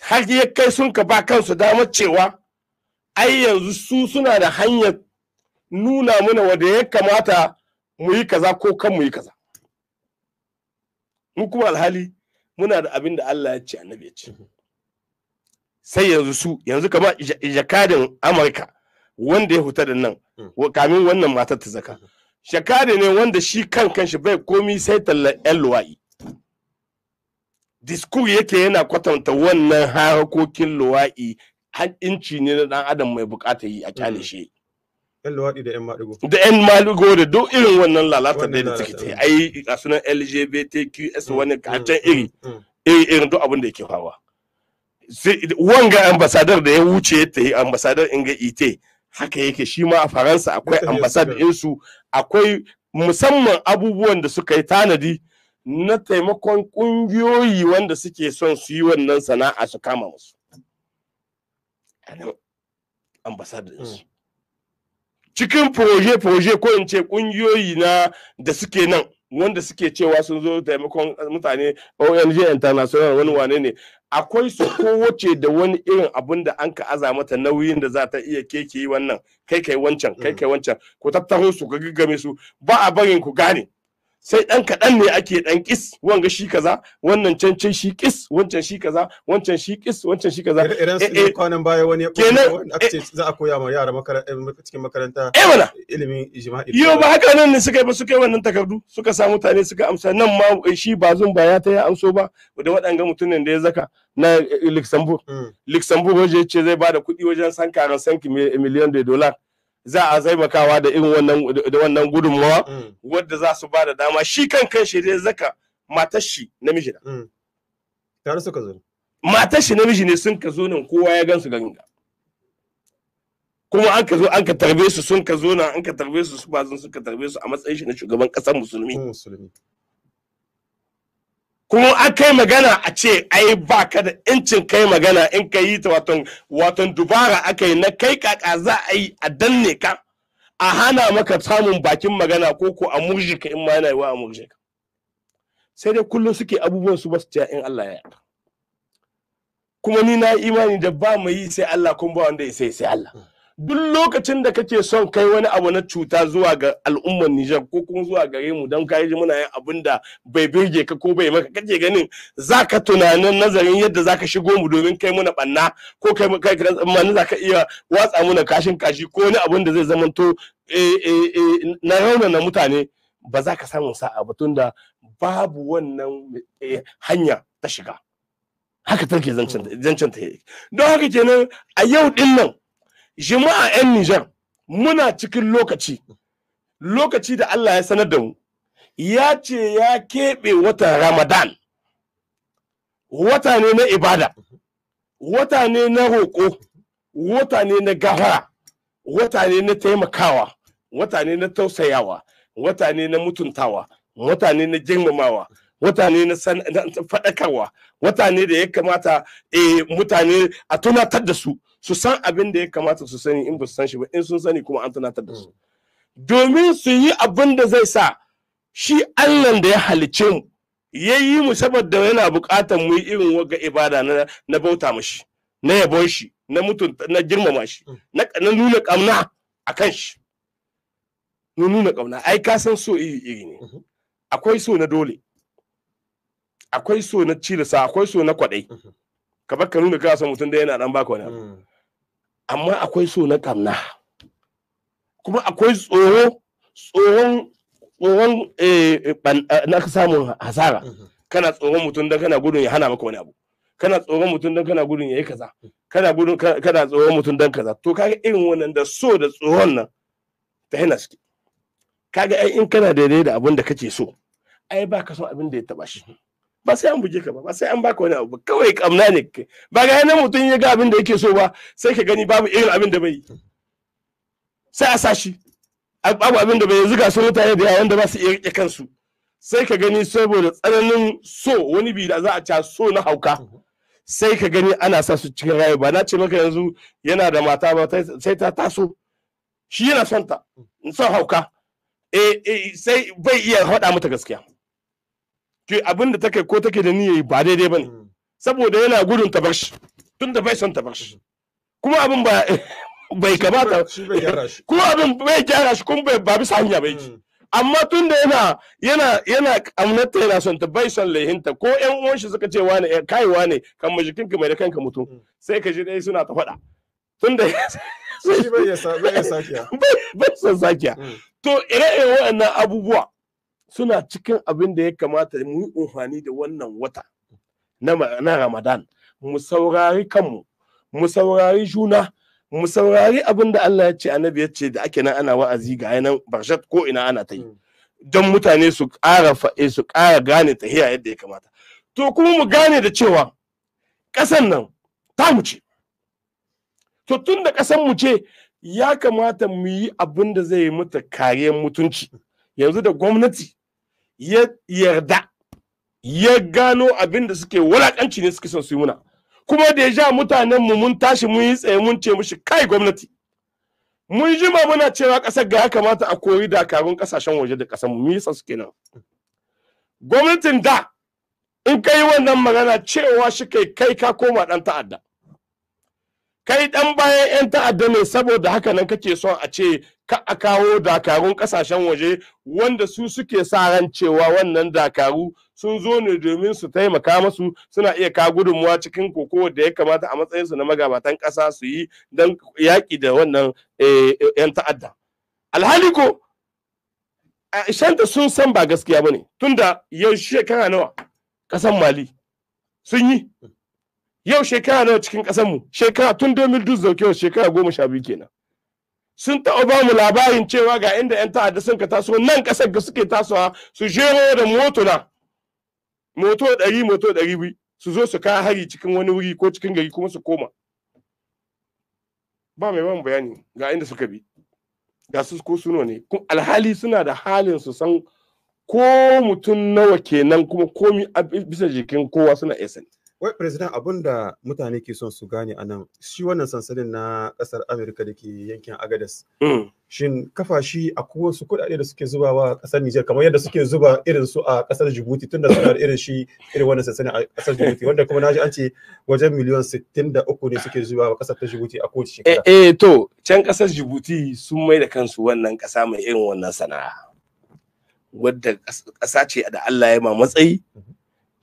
har ya kai sun ka ba kansu damar cewa ai yanzu su suna da hanyar nuna mana wanda ya kamata mu yi kaza ko kan mu yi kaza mu kuma alhali muna da abin da Allah ya ce annabi ya ce sai yanzu su yanzu kamar jakadin amurka wanda ya huta da nan hmm. kamin wannan matar ta zaka hmm. jakadi ne wanda shi kan kanshi bai komi sai tallar yan luwa'i disku yake yana kwatanta wannan harkokin luwa'i inci ne na dan adam mai bukata yi a kyale mm. shi yan da yan maɗigo da yan maɗigo da duk irin wannan lalata da take ta mm. ai a sunan lgbtqs mm, wani kacan iri iri irin duk abin da yake fawa wanga ambasadar da ya wuce ta yi ambasadar inga ite haka yake shi ma a faransa akwai ambasadar insu akwai musamman abubuwan da suka yi tanadi na taimakon ƙungiyoyi wanda suke son su yi wannan sana'a su kama musu hmm. cikin proje-proje ko in ce ƙungiyoyi na da suke nan wanda suke cewa sun zo taimakon mutane ONG international wani wane ne akwai su kowace da wani irin abun da an ka aza mata nauyin da za ta iya keke yi wannan kai kai wancan kai hmm. kai wancan ku tattaho su ga gaggame su ba a barin ku gane sai dan kaɗan ne ake dan kis wanga shi kaza wannan can can shi kis wancan shi kaza wancan shi kis wancan shi kaza idan su eh, eh. kwanan baya wani ya ce eh. za a koya ma yara cikin makaranta ilimin ijma'i yo ba haka nan ne suka yi ba suka yi wannan takardu suka sa mutane suka amsa nan ma shi ba zun ba ya ta ya amso ba da waɗanga mutumin da ya zaka na Luxembourg mm. Luxembourg waje ce zai ba da kuɗi wajen sankaran sanki miliyan da dolar za a taimakawa da irin wannan da wannan gudunmawa mm. wadda za su ba da dama shi kan kan shi zai zaka matar shi namiji da mm. tare suka zo matar shi namiji ne sun ka zo nan kowa ya gansu ganga kuma an ka zo an ka tarbe su sun ka zo nan an ka tarbe su su bazin sun ka tarbe su a matsayin shi na shugaban kasar musulmi kuma an kai magana a ce ai ba ka da incin kai magana in ka yi ta waton dubara aka yi na kai kaka za a yi a danne ka a hana maka samun bakin magana ko ko a murje ka in ma yana wa a murje ka sai dai kullum suke abubuwan su basu in Allah ya kuma ni na imani da ba mu yi sai Allah kuma ba wanda ya sai sai Allah hmm. duk lokacin da kake son kai wani abu na cuta zuwa ga al'ummar Nijar ko kuma zuwa gare mu don ka ji muna yin abin da bai birge ka ko bai maka kake ganin za ka tunanin nazarin yadda za ka shigo mu domin kai muna banna ko kai mani za ka iya watsa muna kashin kashi ko wani abin da zai zamanto eh, eh, eh, na na mutane ba za ka samu sa'a ba tunda babu wannan hanya ta shiga haka take zancen ta don haka kenan a yau din nan Jama'a 'yan Nijar muna cikin lokaci, lokaci da Allah ya sanar da mu, ya ce ya keɓe watan Ramadan, wata ne na ibada, wata ne na roƙo, wata ne na gafara, wata ne na taimakawa, wata ne na tausayawa, wata ne na mutuntawa, wata ne na girmamawa. wata ne na faɗakarwa wata ne da ya kamata eh, mutane a tunatar da su su san abin da ya kamata su sani in ba su san shi ba in sun sani kuma an tunatar da su domin su yi abin da zai sa shi Allah da ya halicce mu ya yi mu saboda yana buƙatar mu yi irin waga ibada na, bauta mashi na yabon shi na na girmama shi mm. na, nuna ƙauna a kan shi na nuna ƙauna. ai ka san so iri iri ne mm-hmm. akwai so na dole akwai so na cilisa akwai so na kwaɗai mm-hmm. ka baka nuna ka san mutum da yana dan baka wani abu mm. amma akwai so na kamna kuma akwai tsoro tsoron tsoron eh, eh, eh, na samun hasara mhm. kana tsoron mutum don kana gudun ya hana maka wani abu kana tsoron mutum don kana gudun ya yi kaza mhm. kana gudun kana tsoron mutum don kaza to kaga irin wannan da so da tsoron nan ta hina suke kaga ai in kana daidai da abin da kake so ai ba ka son abin da ya taba shi mhm. ba sai an buge ka ba ba sai an baka wani abu kawai kamna ne kai ba ga yana mutum ya ga abin da yake so ba sai ka gani babu irin abin da bai sai a sashi babu abin da bai yanzu ga su mutane da yawa da ba su iya kansu sai ka gani saboda tsananin so wani bi da za a ca so na hauka sai ka gani ana sa su cikin rayu ba na ce maka yanzu yana da mata ba sai ta taso shi yana son ta son hauka eh, eh sai bai iya haɗa mata gaskiya ke abin da take ko take da niyya ba daidai ba ne mm. saboda yana gudun ta barshi tun da bai son ta barshi mm. kuma abin ba bai kamata kuma abin bai gyara shi kuma ba bisa hanya bai ji mm. amma tun da yana yana yana amnata yana son ta bai son laihinta ko yan uwan shi suka ce wane eh, kai wane kan majikin ka mai da kanka mutum sai ka ji dai suna ta faɗa tun da bai son sakiya to ire ire waɗannan abubuwa suna cikin abin da ya kamata mu yi umfani da wannan wata na Ramadan mu saurari kanmu mu saurari juna mu saurari abin da Allah ya ce annabi ya ce da ake nan ana wa'azi ga yanan barshat ko ina ana ta yi mm. don mutane su ƙara fa'e su ƙara gane tahiya yadda ya kamata to kuma mu gane da cewa ƙasan nan ta mu ce to tun da ƙasan mu ce ya kamata mu yi abin da zai yi mata kariyar mutunci yanzu da gwamnati ya yarda ya gano abin da suke wulakanci ne suke son su yi muna kuma da ya ja mutanen mu mun tashi mun yi tsaye mun ce mushi kai gwamnati mun jima muna cewa kasar ga ya kamata a da dakarun kasashen waje da kasar mu yi suke nan gwamnatin da in kai wannan magana cewa shi kai kai ka koma dan ta'adda kai dan bayan 'yan ta'adda ne saboda haka nan kake son a ce ka a kawo dakarun kasashen waje wanda su suke sa ran cewa wannan dakaru sun zo ne domin su taimaka masu suna iya ka gudunmuwa cikin koko da ya kamata a matsayinsu na magabatan kasa su yi don yaƙi da wannan eh, 'yan ta'adda alhali ko shanta sun san ba gaskiya ba ne tunda yau shekara nawa ƙasan mali sun yi yau shekara nawa cikin ƙasar mu shekara tun 2012 zauke shekara goma sha biyu kenan sun taɓa ba mu labarin cewa ga inda 'yan ta'adda sun ka taso nan ƙasar ga suke tasowa su jero da na moto ɗari moto ɗari biyu su zo su kawo hari cikin wani wuri ko cikin gari kuma su koma ba mai ban bayani ga inda suka bi ga su ko suno ne alhali suna da halin su san ko mutum nawa kenan kuma komi bisa jikin kowa suna iya wai president abin da mutane ke son su gane a nan shi wannan sansanin na kasar amurka da ke yankin agadas hmm. shin kafa shi a su kudade da suke zuba wa kasar nijar kamar yadda suke zuba irin su a kasar jibuti tunda suna da irin shi irin wannan sansanin a kasar jibuti wanda kuma na ji an ce wajen miliyan 63 ne suke zuba wa kasar ta jibuti a kowace shekara eh, eh to can kasar jibuti sun mai da kansu wannan kasa mai irin wannan sana'a wadda kasa ce da Allah ya ma matsayi mhm.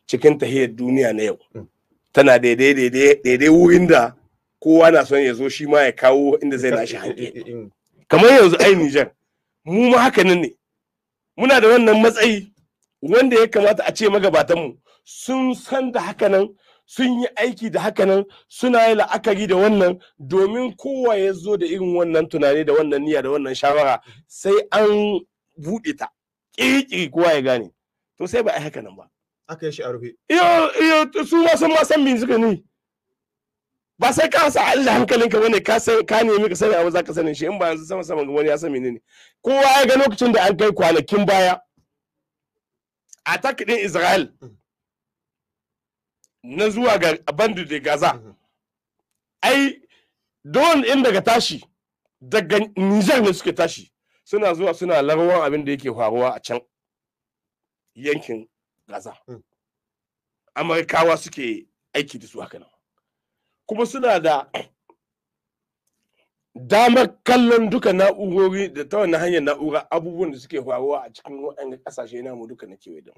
cikin tahiyar duniya na yau hmm. tana daidai wurin da kowa na son ya zo shi ma ya kawo inda zai nashi hanke kamar yanzu ai Nijar mu ma haka nan ne muna da wannan matsayi wanda ya kamata a ce magabatanmu sun san da haka nan sun yi aiki da haka nan suna yi la'akari da wannan domin kowa ya zo da irin wannan tunani da wannan niyya da wannan shawara sai an buɗe ta ƙirƙiri kowa ya gane to sai ba a haka nan ba aka yi shi a rufe iyo iyo su ma san ma suka ne ba sai ka sa Allah hankalinka bane ka san ka nemi ka sani abu zaka sani shi in ba yanzu sama sama wani ya san menene kowa ya ga lokacin da an kai kwanakin baya attack din Israel na zuwa ga bandu da Gaza ai don in daga tashi daga Niger ne suke tashi suna zuwa suna larwan abin da yake faruwa a can yankin kaza mm. amurkawa suke aiki da su haka nan kuma suna da damar kallon duka na'urori da ta wannan hanyar na'ura abubuwan da suke faruwa a cikin waɗanda ƙasashe namu duka na kewaye don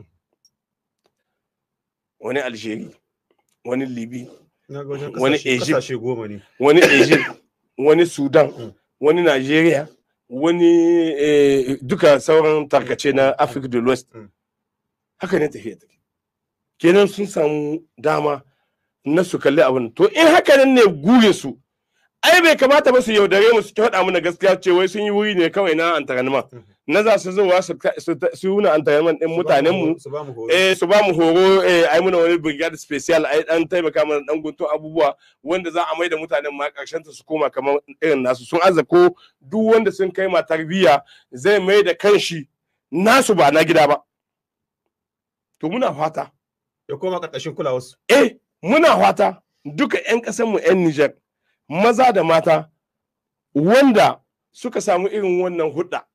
wani algeri wani libi wani egypt wani egypt wani sudan mm. wani nigeria wani eh, duka sauran tarkace na mm. africa the west haka ne tafiya take kenan sun samu dama na su kalli abin to in haka nan ne gure su ai bai kamata ba su yaudare mu su faɗa mana gaskiya ce wai sun yi wuri ne kawai na antaranma mhm. na za su zuwa su yi na antaranman din mutanen mu su ba mu horo eh, eh, ai muna wani brigade special ai dan taimaka mana dan gunto abubuwa wanda za a mai da mutanen ma karshen su koma kamar irin nasu sun ko duk wanda sun kai ma tarbiya zai mai da kanshi nasu ba na gida ba to muna fata ya koma karkashin kulawarsu eh muna fata duka 'yan ƙasarmu 'yan Nijar maza da mata wanda suka samu irin wannan hudda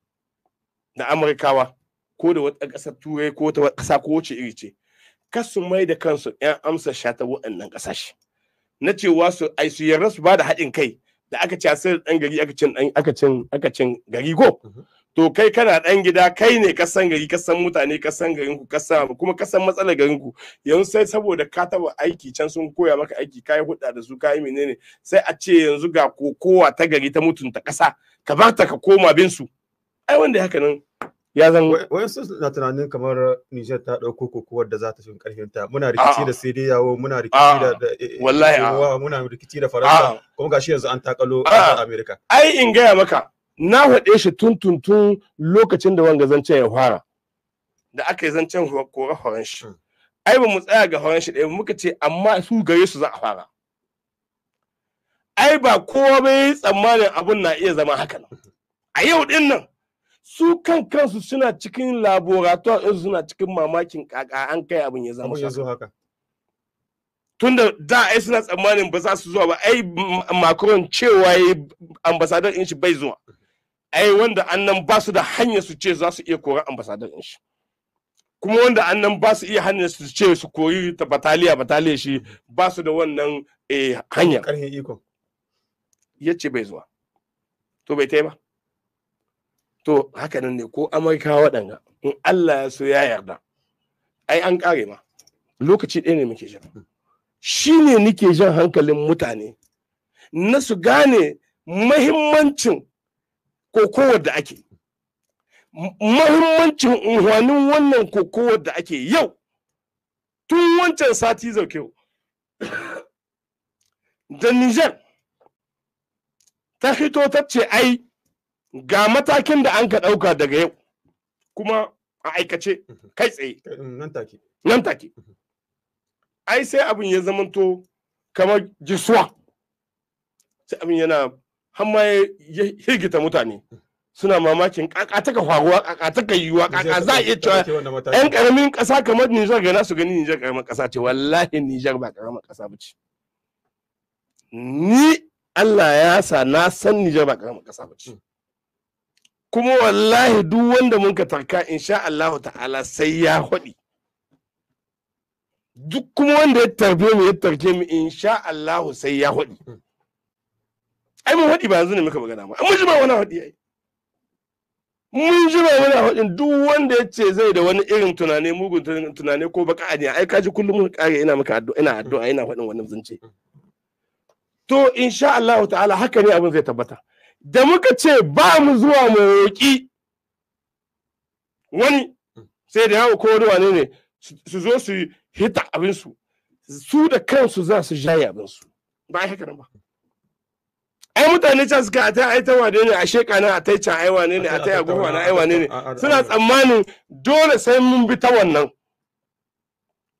da Amurkawa ko da wata ƙasar Turai ko ta ƙasa ko wace iri ce kar mai da kansu 'yan amsa shata waɗannan ƙasashe na cewa su ai su yarda su ba da haɗin kai da aka ci a ɗan gari aka cin aka cin aka cin gari ko mhm. to kai kana dan gida kai ne ka san gari ka san mutane ka san garin ku ka san kuma ka san matsalar garin ku yanzu sai saboda ka taba aiki can sun koya maka aiki kai yi hudda da su kai menene sai a ce yanzu ga kokowa ta gari ta mutunta kasa ka bar ta ka koma bin su ai wanda haka nan ya zan wayansu na tunanin kamar Niger ta dauko kokowar da za ta shi karfin ta muna rikici da sai dai yawo muna rikici da eh, wallahi eh, muna rikici da Faransa kuma gashi yanzu an takalo a America ai in gaya maka na haɗe shi tun tun lokacin da wanga zancen ya fara da aka yi zancen kora horon shi hmm. ai ba mu tsaya ga horon shi ɗaya muka ce amma su gare su za a fara ai ba kowa bai tsammanin abun na iya zama haka nan a yau din nan su kan kansu suna cikin laboratoire ɗinsu suna cikin mamakin kaka an kai abin ya zama haka tunda da ai suna tsammanin ba za su zuwa ba ai makaron cewa ya ambasadar in bai zuwa ai wanda annan ba su da hanyar su ce za su iya koran ambasadar din shi kuma wanda annan ba su iya hanyar su ce su koyi ta bataliya bataliya shi ba su da wannan eh, hanya iko ya ce bai zuwa to bai taima to haka nan ne ko amurka waɗanga in allah ya so ya yarda ai an ƙare ma lokaci ɗaya ne muke jira shi ne nike jan hankalin mutane na su gane mahimmancin ko da ake mahimmancin unhwanin wannan kokowar da ake yau tun wancan sati zauke da Nijar ta hito ta ce ai ga matakin da an ka ɗauka daga yau kuma a aikace kai tsaye nan take ai sai abin ya zamanto kamar jisuwa sai abin yana har ma ya hirgita mutane suna mamakin kaka taka faruwa kaka yiwuwa kaka za a iya cewa yan karamin kasa kamar Nijar ga nasu gani Nijar karamar kasa ce wallahi Nijar ba karamar kasa ba ce ni Allah ya sa na san Nijar ba karamar kasa ba ce hmm. kuma wallahi duk wanda mun ka tarka insha Allah ta'ala sai ya hodi duk kuma wanda ya tarbe mu ya tarke mu insha Allah sai ya hodi ai mun haɗi ba yanzu ne muka magana ba mun jima wani haɗi ai mun jima wani haɗin duk wanda ya ce zai da wani irin tunane mugun tunane ko baka ne ai kaji kullum mun kare ina maka addu'a ina addu'a ina faɗin wannan zance to insha Allah ta'ala haka ne abin zai tabbata da muka ce ba mu zuwa mu roƙi wani sai da yawo ko wani wane ne su zo su hita abinsu su da kansu za su jaye abinsu ba haka nan ba ai mutane can suka ta ai ta wane ne a sheka na ta can ai wane ne atai agogo na ai wane ne suna tsammanin dole sai mun bi ta wannan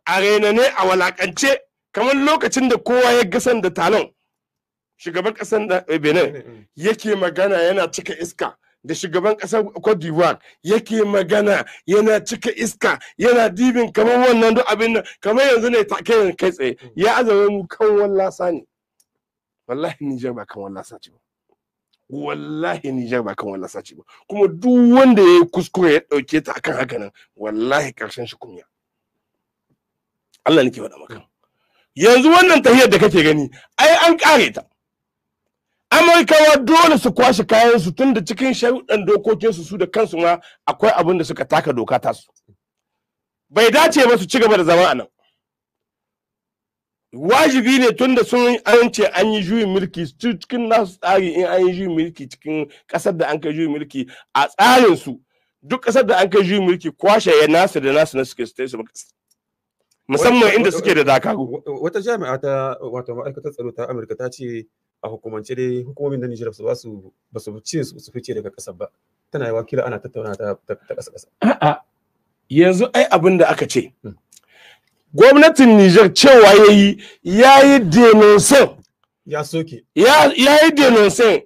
a ne a walakance kamar lokacin da kowa ya gasan da talon shugaban kasan da eh, benin yake magana yana cika iska da shugaban kasar Cote d'Ivoire yake magana yana cika iska yana dibin kamar wannan duk abin nan kamar yanzu ne take kai tsaye ya azame mu kan wallasa ne wallahi Nijar ba kan wannan ce ba wallahi Nijar ba kan wannan ce ba kuma duk wanda ya yi kuskure ya ɗauke ta akan haka nan wallahi ƙarshen shi kunya Allah nake faɗa maka yanzu wannan tahiyar da kake gani ai an kare ta amurkawa dole su kwashe kayan su tun da cikin sharuɗan dokokin su su da kansu ma akwai abin da suka taka doka tasu bai dace ba su ci gaba da zama a nan wajibi ne tun da sun an ce an yi juyin mulki cikin nasu tsari in an yi juyin mulki cikin kasar da an kai juyin mulki a tsarin su duk kasar da an kai juyin mulki kwashe ya nasu da nasu na suke su musamman inda suke da dakaru wata jami'a ta wato ma'aikatar tsaro ta amurka ta ce a hukumance dai hukumomin da nijar ba su ba su ce su fice daga kasar ba tana yi wakila ana tattauna ta kasa kasa yanzu ai abin da aka ce hmm. gwamnatin Nijar cewa ya yi ya ya soke ya yi denonsen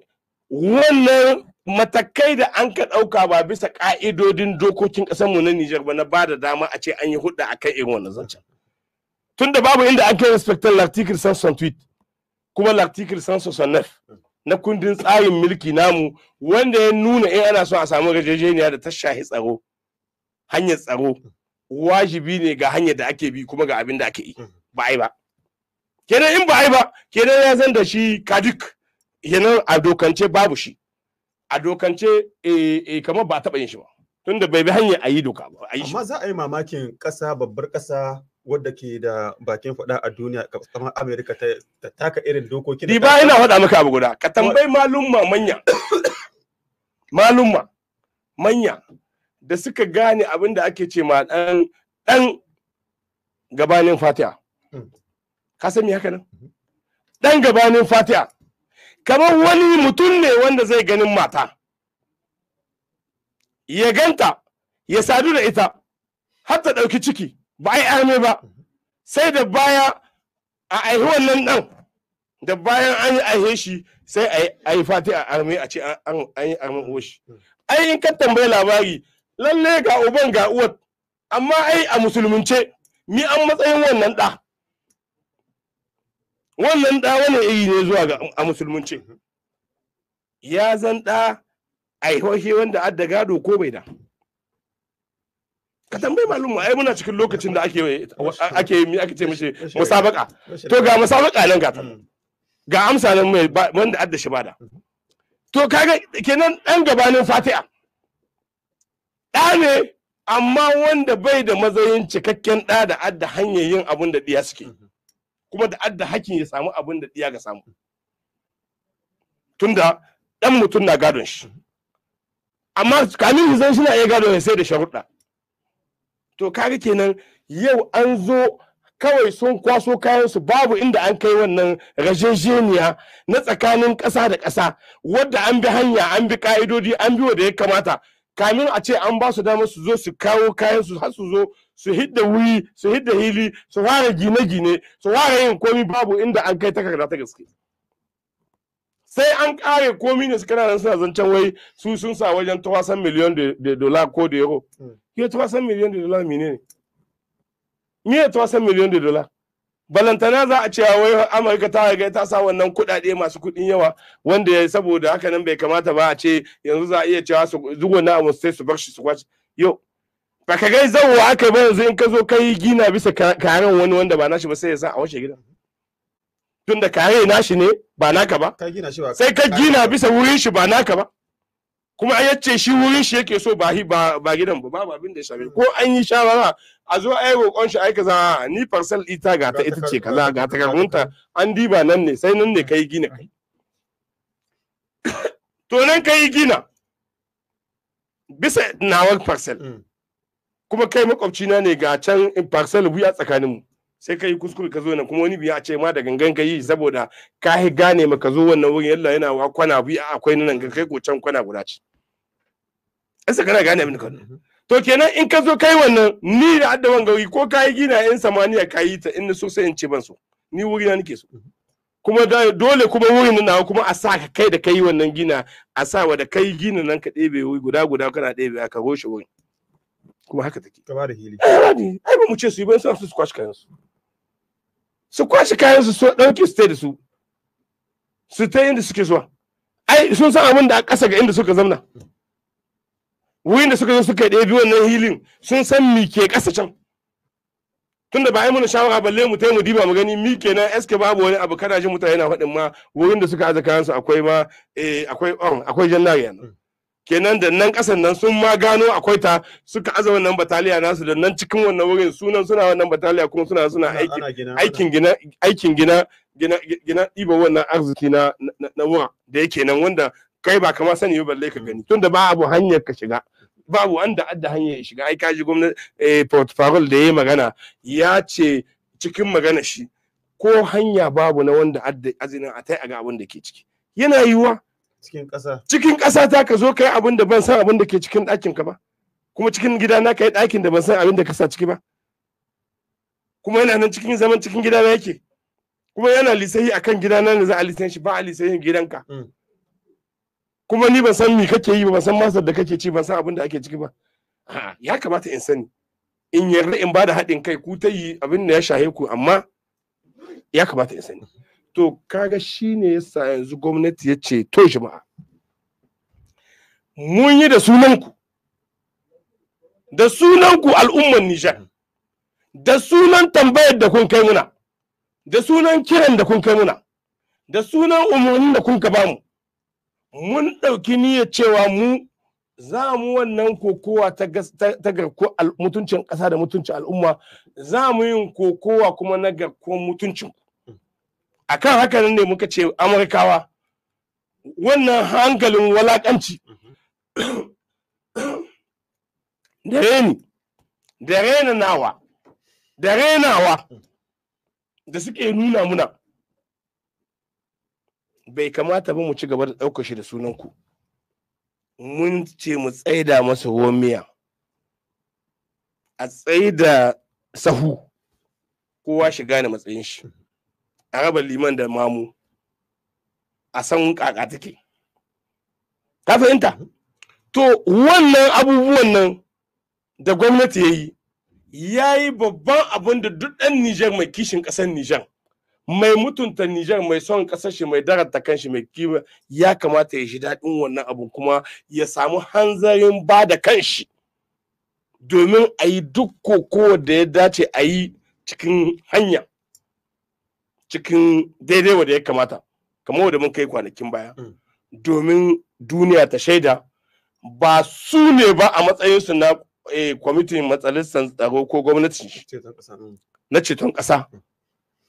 wannan matakai da an ka ɗauka ba bisa ƙa'idodin dokokin ƙasarmu na Nijar ba na bada dama a ce an yi hudda akan irin wannan zancen tun da babu inda an kai respectar l'article 168 kuma l'article 169 na kundin tsarin mulki namu wanda ya nuna in ana so a samu rajejeniya da ta tsaro hanyar tsaro wajibi ne ga hanyar da ake bi kuma ga abin da ake yi mm. ba ai ba kenan in ba ai ba kenan ya san da shi kadik kenan a dokance babu shi a dokance eh, eh, kamar ba taba taɓa yin shi ba tunda bai bi hanyar ayi yi doka ba shi amma za a yi mamakin ƙasa babbar kasa wadda ke da bakin faɗa a duniya kamar amerika ta taka irin dokokin ba ina faɗa maka abu guda ka tambayi malumma manya malumma manya da suka gane abin da ake ce ma ɗan ɗan gabanin fatiya. Hmm. ka san haka nan hmm. ɗan gabanin fatiya. kamar wani mutum ne wanda zai ganin mata ya ganta ya sadu da ita har ta ɗauki ciki ba a yi arme ba hmm. sai da baya a aihi wannan ɗan da bayan an yi aihe shi sai a yi a arme a ce an yi uwa shi ai in ka tambayi labari lalle ga uban ga uwar amma ai a musulmunce ni an matsayin wannan ɗa wannan ɗa wani iri ne zuwa ga a musulmunce ya zan ɗa aihohe wanda adda gado ko bai da ka tambayi malumma ai muna cikin lokacin da ake ake mi ake ce mishi musabaka to ga musabaka nan ga ga amsa nan mai wanda adda shi bada to kaga kenan dan gabanin fatiha ɗa ne amma wanda bai da matsayin cikakken ɗa da adda hanyar yin abin da ɗiya suke mhm. kuma da adda hakin ya samu abin da ɗiya ga samu tunda ɗan mutum na gadon shi mhm. amma kamin zan shi na iya gadon sai da sharuɗa to kaga kenan yau an zo kawai sun kwaso kayansu babu inda an kai wannan rajejeniya na tsakanin ƙasa da ƙasa wadda an bi hanya an bi ƙa'idodi an bi wadda ya kamata kamin a ce an ba su damar su zo su kawo kayan su har su zo su hidda wuri su hidda hili su fara gine-gine su fara yin komi babu inda an kai takarda ta gaske sai an kare komi ne su kananan suna zancen wai su sun sa wajen tawasan de da dola ko da euro hmm. ke tawasan miliyon da dola mene ne tawasan da dola balantana za a cewa wai amurka ta riga ta sa wannan kuɗaɗe masu kuɗin yawa wanda ya saboda haka nan bai kamata ba a ce yanzu za a iya cewa su duk na abu sai su bar shi su kwace yau ba ka gai zawowa aka ba yanzu in ka zo kai gina bisa karen wani wanda ba nashi ba sai ya sa a washe gidan tunda kare nashi ne ba naka ba sai ka gina bisa wurin shi ba naka ba kuma an yace shi wurin shi yake so ba ba gidan ba ba abin da ya shafe ko an yi shawara a zo yi roƙon shi ai kaza ni parcel ita ga ta ita ce kaza ga ta karunta an diba nan ne sai nan ne kai gina kai to nan kai gina bisa nawar parcel mm. kuma kai makwabci na ne ga can parcel wuya tsakanin mu sai kai kuskure ka zo nan kuma wani biya a ce ma da gangan ka yi saboda ka hi gane ma ka zo wannan wurin yalla yana wa kwana biya akwai nan kai ko can kwana guda ce sai kana gane abin ka to kenan in ka zo kai wannan ni da adda wanga ko kayi gina yan samaniya kayi ta inda so sai in ce ban so ni wuri na nake so mhm. kuma dole kuma wurin na kuma a sa ka kai da kai wannan gina a sa wa da kai gina nan ka ɗebe wuri guda guda kana ɗebe ka roshe wurin kuma haka take ka bada hili ai ba mu ce su yi ba suna su kwashi kayan su su kwashi kayan su so ɗauki su da su su ta inda suke zuwa ai sun san abin da a ƙasa ga inda suka zamna wurin da suka zo suka ɗebi wannan hilin sun san mi ke ƙasa can tunda ba ai muna shawara balle mu taimu diba mu gani mi kenan eske babu wani abu kada ji mutane na faɗin ma wurin da suka aza kayan su akwai ma eh, akwai on akwai jannariya kenan da nan ƙasan nan sun ma gano akwai ta suka aza wannan bataliya nasu da nan cikin wannan wurin sunan suna wannan bataliya kuma suna suna aikin aikin gina aikin gina gina gina ɗiba wannan arziki na na wura da yake nan wanda kai ba kama sani ba balle ka gani tunda ba abu hanyar ka shiga babu wanda adda hanya ya shiga ai kaji gwamnati eh, portfolio da ya magana ya ce cikin magana shi ko hanya babu na wanda adda azinin a tai a ga abin da ke ciki yana yiwuwa cikin ƙasa cikin ƙasa ta ka zo kai abin da ban san abin da ke cikin ɗakin ka ba kuma cikin gida na kai ɗakin da ban san abin da ka sa ciki ba kuma yana nan cikin zaman cikin gida na yake kuma yana lisahi akan gida na da za a lisan shi ba a lisahin gidanka mm. kuma ni ban san me kake yi ba ban san masar da kake ci ban san abin da ake ciki ba ya kamata in sani in yarda in bada haɗin kai ku ta yi abin da ya shahe ku amma ya kamata in sani to kaga shine yasa yanzu gwamnati ya ce to jama'a mun yi da sunanku da sunanku al'ummar Nijar da sunan tambayar da kun kai muna da sunan kiran da kun kai muna da sunan umarnin da kun ka bamu mun ɗauki niyyar cewa mu za mu wannan kokowa ta garko mutuncin ƙasa da mutuncin al'umma za mu yin kokowa kuma na garko mutuncin a kan haka ne muka ce amurkawa wannan hankalin walakanci da reni da rena nawa da renawa da suke nuna muna bai kamata ba mu ci gaba da ɗaukar shi da sunanku. mun ce mu tsaida masa homiya a tsaida sahu kowa shi gane matsayin shi a raba liman da mamu a san kaka take ka fahimta to wannan abubuwan nan da gwamnati ya yi ya yi babban abin da duk ɗan nijar mai kishin ƙasar nijar mai mutunta Nijar mai son kasar shi mai darata kanshi mai kima ya kamata ya shi daɗin wannan abu kuma ya samu hanzarin ba da kanshi domin a yi duk koko da ya dace a yi cikin hanya cikin daidai wanda ya kamata kamar wanda mun kai kwanakin baya mm. domin duniya ta shaida ba su ne ba a matsayin su na eh, kwamitin matsalistan tsaro ko gwamnati mm. na ceton ƙasa mm.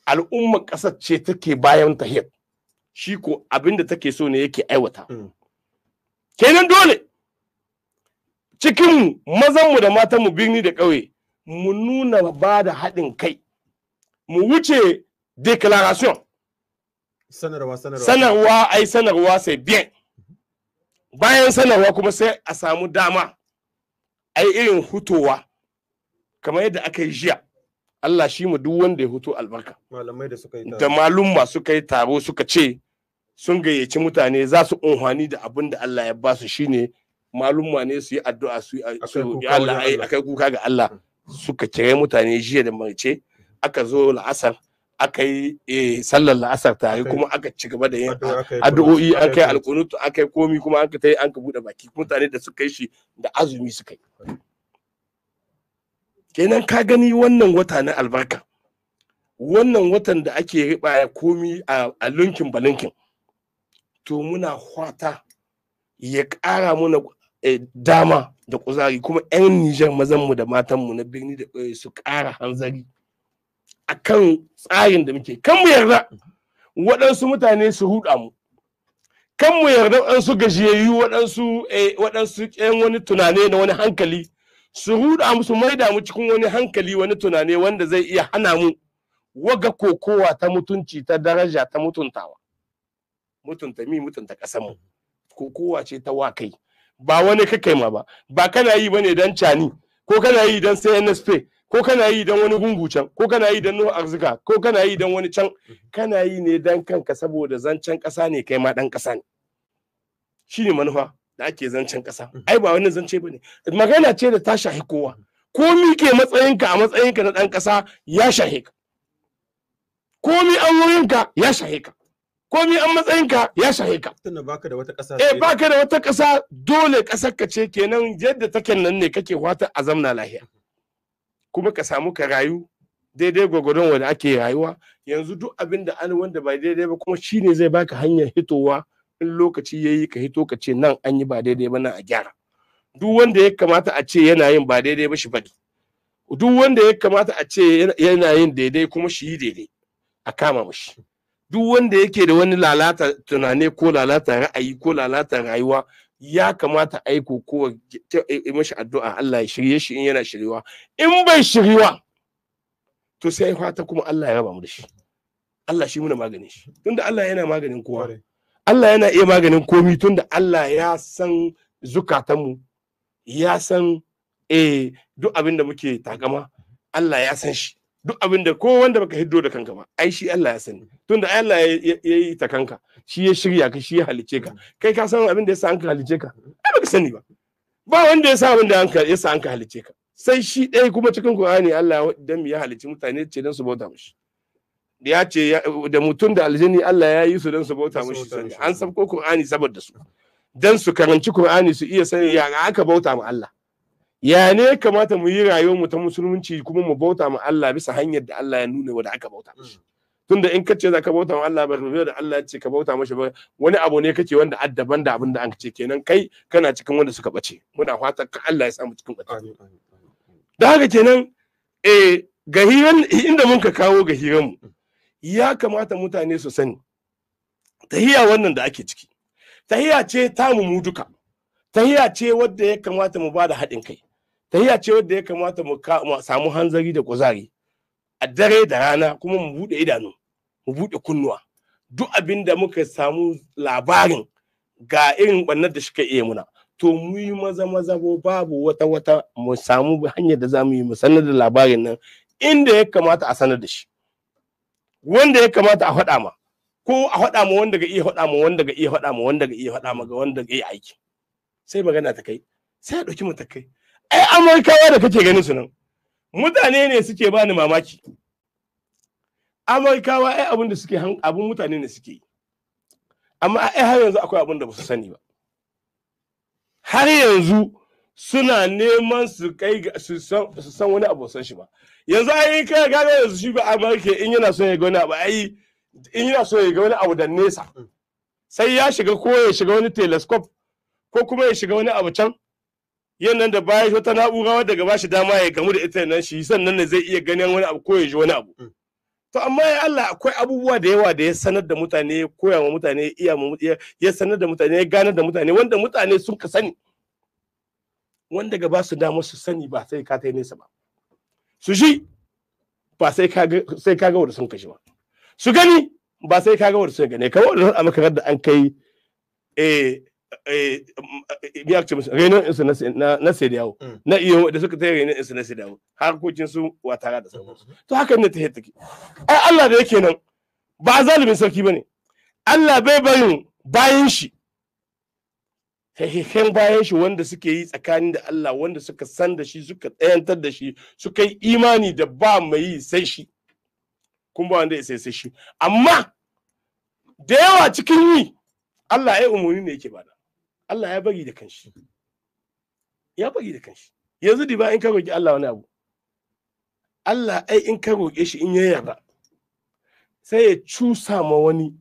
al'ummar ƙasar ce take bayan tahir shi ko abin da take so ne yake aiwata mm. kenan dole cikinmu mazanmu da matanmu birni da ƙauye mu nuna ba da haɗin kai mu wuce declaration sanarwa ai sanarwa sai biyan bayan sanarwa kuma sai a samu dama ai irin hutowa kamar yadda aka yi jiya Allah shi mu duk wanda ya huto albarka malamai da suka yi da malumma suka yi taro suka ce sun gayyaci mutane za su unhwani da abin da Allah ya ba su shine malumma ne su yi addu'a su yi Allah akai kuka ga Allah suka kire mutane jiya da mace aka zo la'asar aka yi eh, sallar la'asar tare kuma aka ci gaba da yin addu'o'i an kai alkunutu an kai komi kuma an ka ta yi an ka buɗe baki mutane da suka yi shi da azumi suka yi kenan ka gani wannan wata na albarka wannan watan da ake riba komi a lunkin balinkin to muna hwata ya ƙara muna eh, dama da kuzari kuma 'yan nijar mazanmu da matanmu na birni da ƙauye su ƙara hanzari a kan tsarin da muke kan mu yarda waɗansu mutane su huda mu kan mu yarda waɗansu gajiyayyu waɗansu yan eh, wani tunane na wani hankali su ruda mu su maida mu cikin wani hankali wani tunani wanda zai iya hana mu waga kokowa ta mutunci ta daraja ta mutuntawa mutunta mi mutunta ƙasar mu kokowa ce ta wakai ba wani kakai ma ba ba kana yi bane dan cani ko kana yi dan CNSP ko kana yi dan wani gungu can ko kana yi dan nuhu arzika ko kana yi dan wani can kana yi ne dan kanka saboda zancen ƙasa ne kai ma dan ƙasa ne shine manufa da ake zancen ƙasa mhm. ai ba wani zance ba ne magana ce da ta shahi kowa ko ke matsayinka a matsayinka na ɗan ƙasa ya shahi ka komi an wurinka ya shahi ka komi an matsayinka ya shahi ka tunda baka da wata ƙasa eh baka da wata ƙasa dole ƙasar ka ce kenan yadda take nan ne kake wata a zamna lahiya kuma ka samu ka rayu daidai gwagwadon wanda ake rayuwa yanzu duk abin da an wanda ba daidai ba kuma shine zai baka hanyar hitowa in lokaci ya yi ka hito ka ce nan an yi ba daidai ba nan a gyara duk wanda ya kamata a ce yana yin ba daidai ba shi faɗi duk wanda ya kamata a ce yana yin daidai kuma shi yi daidai a kama mashi duk wanda yake da wani lalata tunani ko lalata ra'ayi ko lalata rayuwa ya kamata a aiko ko mashi addu'a Allah ya shirye shi in yana shiriwa in bai shiriwa to sai fata kuma Allah ya raba mu da shi Allah shi muna maganin shi tunda Allah yana maganin kowa Allah yana iya maganin komi tun da Allah ya san zukatanmu ya san eh duk abin da muke takama Allah ya san shi duk abin da ko wanda baka hiddo da kanka ba ai shi Allah ya sani tun da Allah ya yi ta kanka shi ya shirya ka shi ya halice ka kai ka san abin da yasa an ka halice ka ai baka sani ba ba wanda ya sa abin da an ka yasa an ka halice ka sai shi ɗaya kuma cikin Qur'ani Allah dan ya halice mutane ce dan su bauta mishi ya ce da mutum da aljini Allah ya yi su don su bauta mushi sani an sabko Kur'ani saboda su don su karanci Kur'ani su iya sani ya aka bauta ma Allah ya ne kamata mu yi rayuwar mu ta musulunci kuma mu bauta ma Allah bisa hanyar da Allah ya nuna wanda aka bauta tun mm. tunda in kace za ka bauta ma Allah bar da Allah ya ce ka bauta mashi wani abu ne kake wanda addaban da abin da an ce kenan kai kana cikin wanda suka bace muna fata ka Allah ya samu cikin bace da haka kenan eh gahiran inda mun ka kawo gahiran mu mm. ya kamata mutane su sani tahiya wannan da ake ciki tahiya ce ta mu duka tahiya ce wadda ya kamata mu bada haɗin kai tahiya ce wadda ya kamata mu samu hanzari da kuzari a dare da rana kuma mu buɗe idanu mu buɗe kunnuwa duk abin da muka samu labarin ga irin ɓannar da suka iya muna to mu yi maza maza babu wata wata mu samu hanyar da za mu yi mu sanar da labarin nan inda ya kamata a sanar da shi wanda ya kamata a faɗa ma ko a faɗa ma wanda ga iya faɗa ma wanda ga iya faɗa ma wanda ga iya faɗa ma ga wanda ga iya aiki sai magana ta kai sai a ɗauki kai. ai amurkawa da kake ganin su nan mutane ne suke bani mamaki amurkawa ai abin da suke abin mutane ne suke yi amma ai har yanzu akwai abin da ba su sani ba har yanzu suna neman su kai su san wani abu san shi ba yanzu ai kai ga yanzu shi ba amurka in yana so ya ga wani abu ai in yana so ya ga wani abu da nesa sai ya shiga ko ya shiga wani telescope ko kuma ya shiga wani abu can yannan da bayan wata na'ura wadda gaba shi dama ya gamu da ita nan shi sannan ne zai iya ganin wani abu ko ya ji wani abu mm. to amma ya Allah akwai abubuwa da yawa da ya sanar da mutane ya koya wa mutane ya iya ya sanar da mutane ya ganar da mutane wanda mutane sun ka sani wanda gaba su dama su sani ba sai ka ta nesa ba su ji ba sai kaga sai kaga wanda sun kashi ba su gani ba sai kaga wanda sun gane kamar wanda a makarar da an kai eh eh biya mm, ce musu renon insu na na sai dawo mm. na iyo da suka tare renon insu na sai dawo harkokin su wa tara da sauransu mm-hmm. to haka ne ta hitaki ai Allah da yake nan ba zalimin sarki bane Allah bai barin bayan shi sahihan bayan shi wanda suke yi tsakanin da Allah wanda suka san da shi suka tsayantar da shi suka yi imani da ba mai yi sai shi kun ba wanda ya sai sai shi amma da yawa cikin yi Allah ya umarni ne yake bada Allah ya bari da kanshi ya bari da kanshi yanzu diba in ka roki Allah wani abu Allah ai in ka roƙe shi in ya ba sai ya cusa ma wani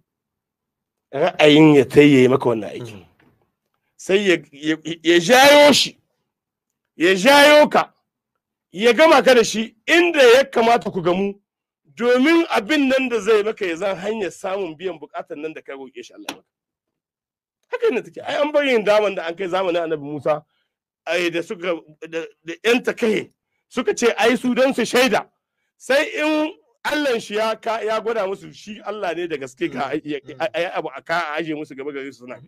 ra'ayin ya tayye maka wannan aikin mm. sai ya jayo shi ya jayo ka ya gama ka da shi inda ya kamata ku gamu domin abin nan da zai maka ya zan hanyar samun biyan bukatan nan da kai roƙe shi Allah haka ne take ai an bari yin daman da an kai zamanin Annabi Musa ai da suka da yan takahe suka ce ai su don su shaida sai in Allah shi ya ya gwada musu shi Allah ne da gaske ga ai abu aka aje musu gaba gare su suna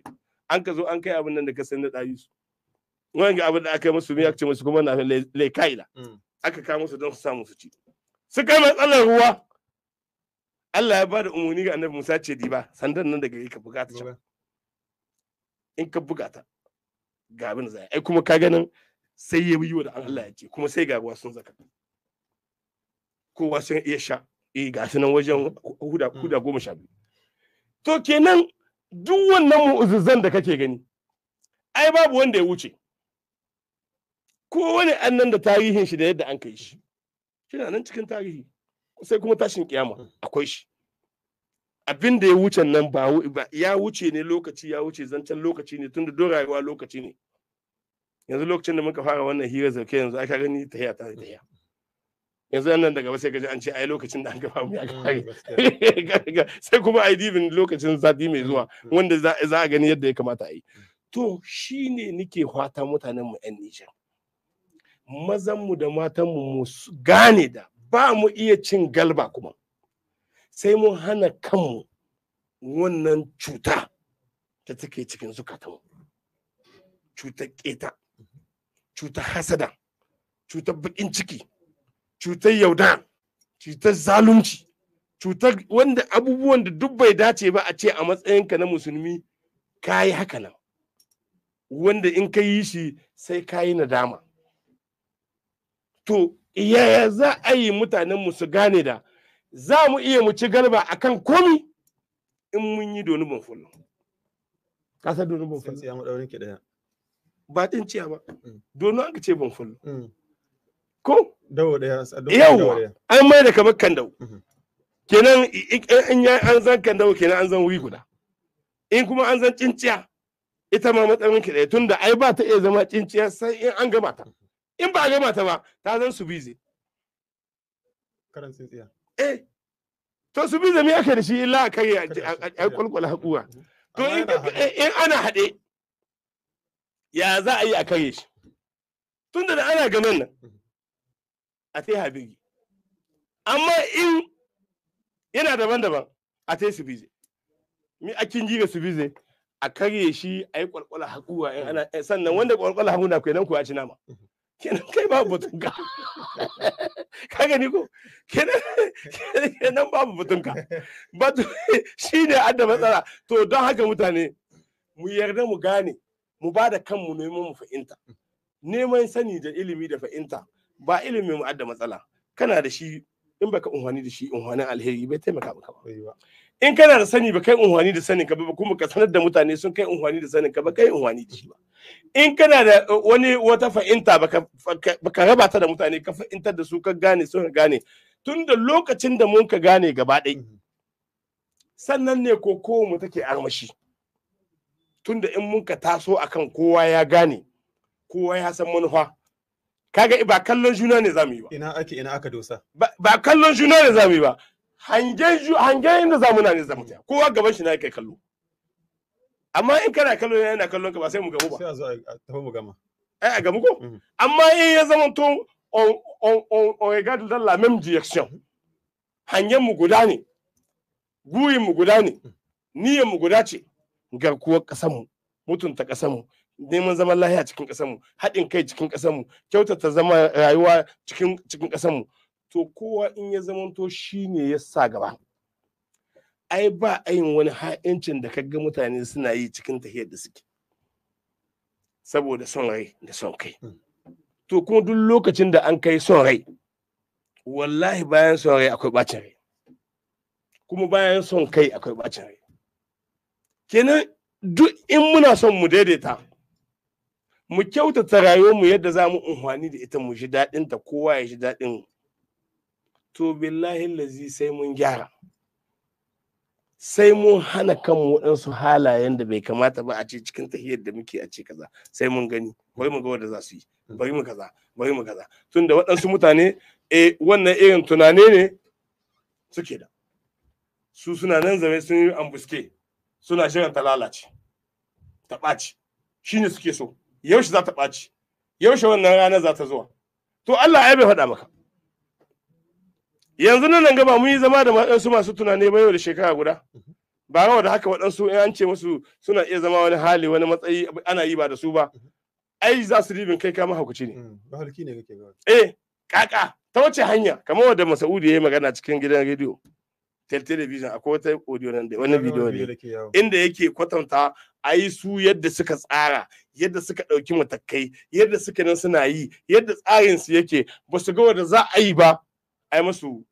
an ka zo an kai abin nan da ka san da ɗari su wani abin da aka yi musu miya ce musu kuma na laikaila mm. aka kawo musu don su samu su ci su kai matsalar ruwa Allah ya ba da umarni ga annabi Musa ce di ba sandan nan daga ka buga ta in ka buga ta ga abin zai ai kuma ka ganin sai ya yi da Allah ya ce kuma sai ga ruwa sun zaka kowa sun iya sha eh ga nan wajen mm. huda goma sha biyu to kenan duk wannan mu'uzuzan da kake gani ai babu wanda ya wuce Ko wani annan da tarihin shi da yadda an kai shi shine nan cikin tarihi sai kuma tashin kiyama akwai shi abin da ya wuce nan ba ya wuce ne lokaci ya wuce zancen lokaci ne tunda don rayuwa lokaci ne yanzu lokacin da muka fara wannan hira zauke yanzu aka gani tahiya ta tahiya yanzu nan daga ba sai gaji an ce ai lokacin da an gaba mu ya mm, kare sai kuma ai dibin lokacin zafi mai zuwa mm, mm. wanda za a gani yadda ya kamata a yi to shine nike fata mutanen mu yan Nijar mazan mu da matan mu mu gane da ba mu iya cin galba kuma sai mun hana kanmu wannan cuta da take cikin mu cutar keta cutar hasada cutar bakin ciki cutar yauda cutar zalunci cutar wanda abubuwan da duk bai dace ba a ce a matsayinka na musulmi ka yi haka nan wanda in ka yi shi sai ka yi nadama to yaya za a yi mu su gane da za mu iya mu ci galba kan komi in mun yi doni ban fullo doni ban ba ɗin ciya ba mm. doni an ka ce ban ko dawo daya yawa an mai da kamar kandau mhm. kenan in ya an zan kandau kenan an zan wi guda in kuma an zan cinciya ita ma matsayin ki ɗaya tunda ai ba ta iya zama cinciya sai in an gama ta mhm. in ba a gama ta ba ta zan su bize karan tsintsiya eh to su bize me aka da shi illa a kai a kulkula hakuwa mhm. to eh, in ana haɗe ya za a yi a kare shi tunda da ana gaman nan a ta habigi amma in yana daban-daban a ta su bize mi a kin jiga su bize a karye shi a yi kwalkwala haƙuwa. Eh, sannan wanda kwalkwala na, kai nan kuwa ci nama kenan kai babu batunka ka gani ko kenan babu batunka batu shi ne adda matsala to don haka mutane mu yarda mu gane mu ba da kanmu neman mu fahimta neman sani da ilimi da fahimta ba ilimin mu adda matsala kana da shi in baka unhwani da shi unhwanin alheri bai taimaka maka ba in kana da sani ba kai unhwani da sanin ka ba kuma ka sanar da mutane sun kai unhwani da sanin ka ba kai unhwani da shi ba in kana da uh, wani wata fa'inta baka raba ta da mutane ka fa'intar da su ka gane sun gane tun da lokacin da mun ka gane gaba mm-hmm. sannan ne ko mu take armashi tun da in mun ka taso akan kowa ya gane kowa ya san manufa kaga ba kallon juna ne zamu yi ba ina ake ina aka dosa ba kallon juna ne zamu yi ba hangen hangen inda zamu na ne zamu ta kowa gaban shi na kai kallo amma in kana kallo yana kallon ka ba sai mu gamu ba sai a zo a tafi mu gama eh a gamu ko mm-hmm. amma in ya zama to on on on on regarde dans la même direction hangen mu guda ne guyin mu guda ne mm-hmm. niyyar mu guda ce garkuwar kasan mu mutunta kasan mu neman zaman lahiya cikin ƙasarmu haɗin kai cikin ƙasarmu kyautata zama rayuwa cikin cikin ƙasarmu to kowa in ya zamanto shi ne ya sa gaba ai ba ayin wani ha'incin da kaga mutane suna yi cikin tahiyar da suke saboda son rai da son kai hmm. to kuma duk lokacin da an kai son rai wallahi bayan son rai akwai bacin rai kuma bayan son kai akwai bacin rai kenan duk in muna son mu daidaita mu kyautata rayuwarmu yadda za mu unhwani da ita mu ji daɗin ta kowa ya ji daɗin to billahi lazi sai mun gyara sai mun hana kanmu waɗansu halayen da bai kamata ba a ce cikin tahiyar da muke a ce kaza sai mun gani bari mu ga wanda za su yi bari mu kaza bari mu kaza tunda waɗansu mutane eh wannan irin tunane ne suke da su suna nan zaune sun yi ambuske suna shirin ta lalace ta ɓaci shine suke so yaushe za ta ɓaci yaushe wannan rana za ta zuwa to Allah ya bai faɗa maka yanzu nan gaba mun yi zama da waɗansu masu tunani ba yau da shekara guda ba rawa da haka waɗansu in an ce musu suna iya zama wani hali wani matsayi ana yi ba da su ba ai za su ribin kai kama haukaci ne mm, eh kaka ta wace hanya kamar wadda masaudi ya yi magana cikin gidan rediyo tel television akwai wata audio nan da wani video ne inda yake kwatanta ai su yadda suka tsara yadda suka ɗauki matakai yadda suka nan suna yi yadda tsarin su yake ba su ga wanda za a yi ba ai masu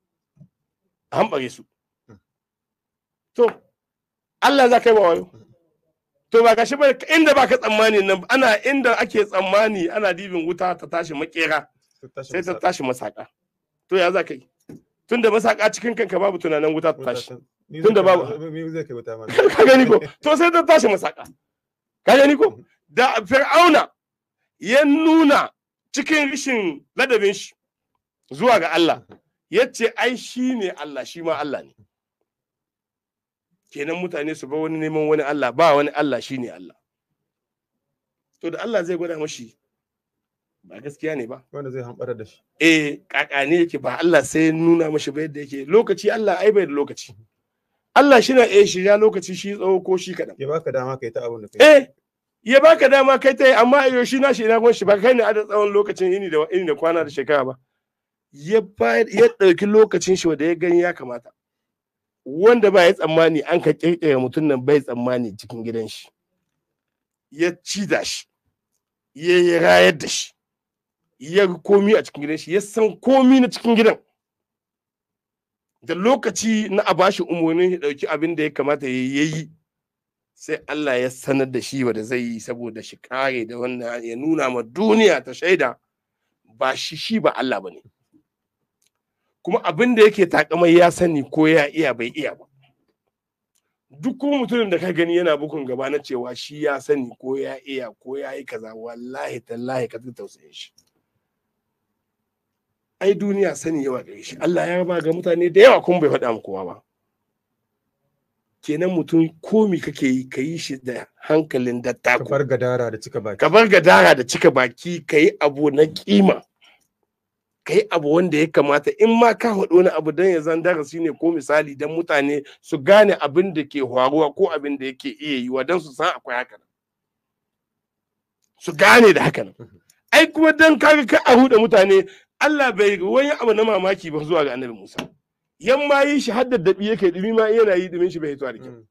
hambare su hmm. to Allah za ka yi wayo hmm. to ba gashi ba inda ba ka tsammani nan ana inda ake tsammani ana dibin wuta ta tashi makera sai ta tashi masaka to ya za ka yi tunda masaka cikin kanka babu tunanin wuta ta tashi tunda babu ni zai kai wuta ma ka gani ko to sai ta tashi masaka ka gani ko mm-hmm. da fir'auna ya nuna cikin rishin ladabin shi zuwa ga Allah mm-hmm. ya ce ai shi ne Allah shi ma Allah ne kenan mutane su ba wani neman wani Allah ba wani Allah shi ne Allah to da Allah zai gwada mashi ba gaskiya ne ba wanda zai hambara da shi eh kaka ne yake ba Allah sai nuna mashi ba yadda yake lokaci Allah ai bai da lokaci Allah shi na eh shi ya lokaci shi tsawo ko shi kaɗan ya baka dama kai ta abin da kai eh ya baka dama kai ta amma ayo shi na shi ina gwan shi ba kai ne a da tsawon lokacin ini da ini da kwana da shekara ba ya ya ɗauki lokacin shi wanda ya gani ya kamata wanda ba ya tsammani an ka kirkira mutum nan bai tsammani cikin gidan shi ya ci da shi ya rayar da shi ya komi a cikin gidan shi ya san komi na cikin gidan da lokaci na a bashi umarnin ya ɗauki abin da ya kamata ya yi sai Allah ya sanar da shi wanda zai yi saboda shi kare da wannan ya nuna ma duniya ta shaida ba shi shi ba Allah ba ne kuma abin da yake takamai ya sani ko ya iya bai iya ba duk ko mutumin da ka gani yana bukun gaba na cewa shi ya sani ko ya iya ko ya yi kaza wallahi tallahi ka tausayin shi ai duniya sani yawa gare shi Allah ya ba ga mutane da yawa kuma bai faɗa mu kowa ba kenan mutum komi kake yi ka shi da hankalin da ta kabar gadara da cika baki kabar gadara da cika baki ka abu na kima ka abu wanda ya kamata in ma ka haɗu wani abu don ya zan darasi ne ko misali don mutane su gane abin da ke faruwa ko abin da yake iya yiwa don su san akwai haka su gane da haka mm-hmm. ai kuma don kaga ka a mutane Allah bai wani abu na mamaki ba zuwa ga annabi Musa yan ma yi shi haddar dabi yake dimi ma yana yi dumin shi bai hito da kyau mm.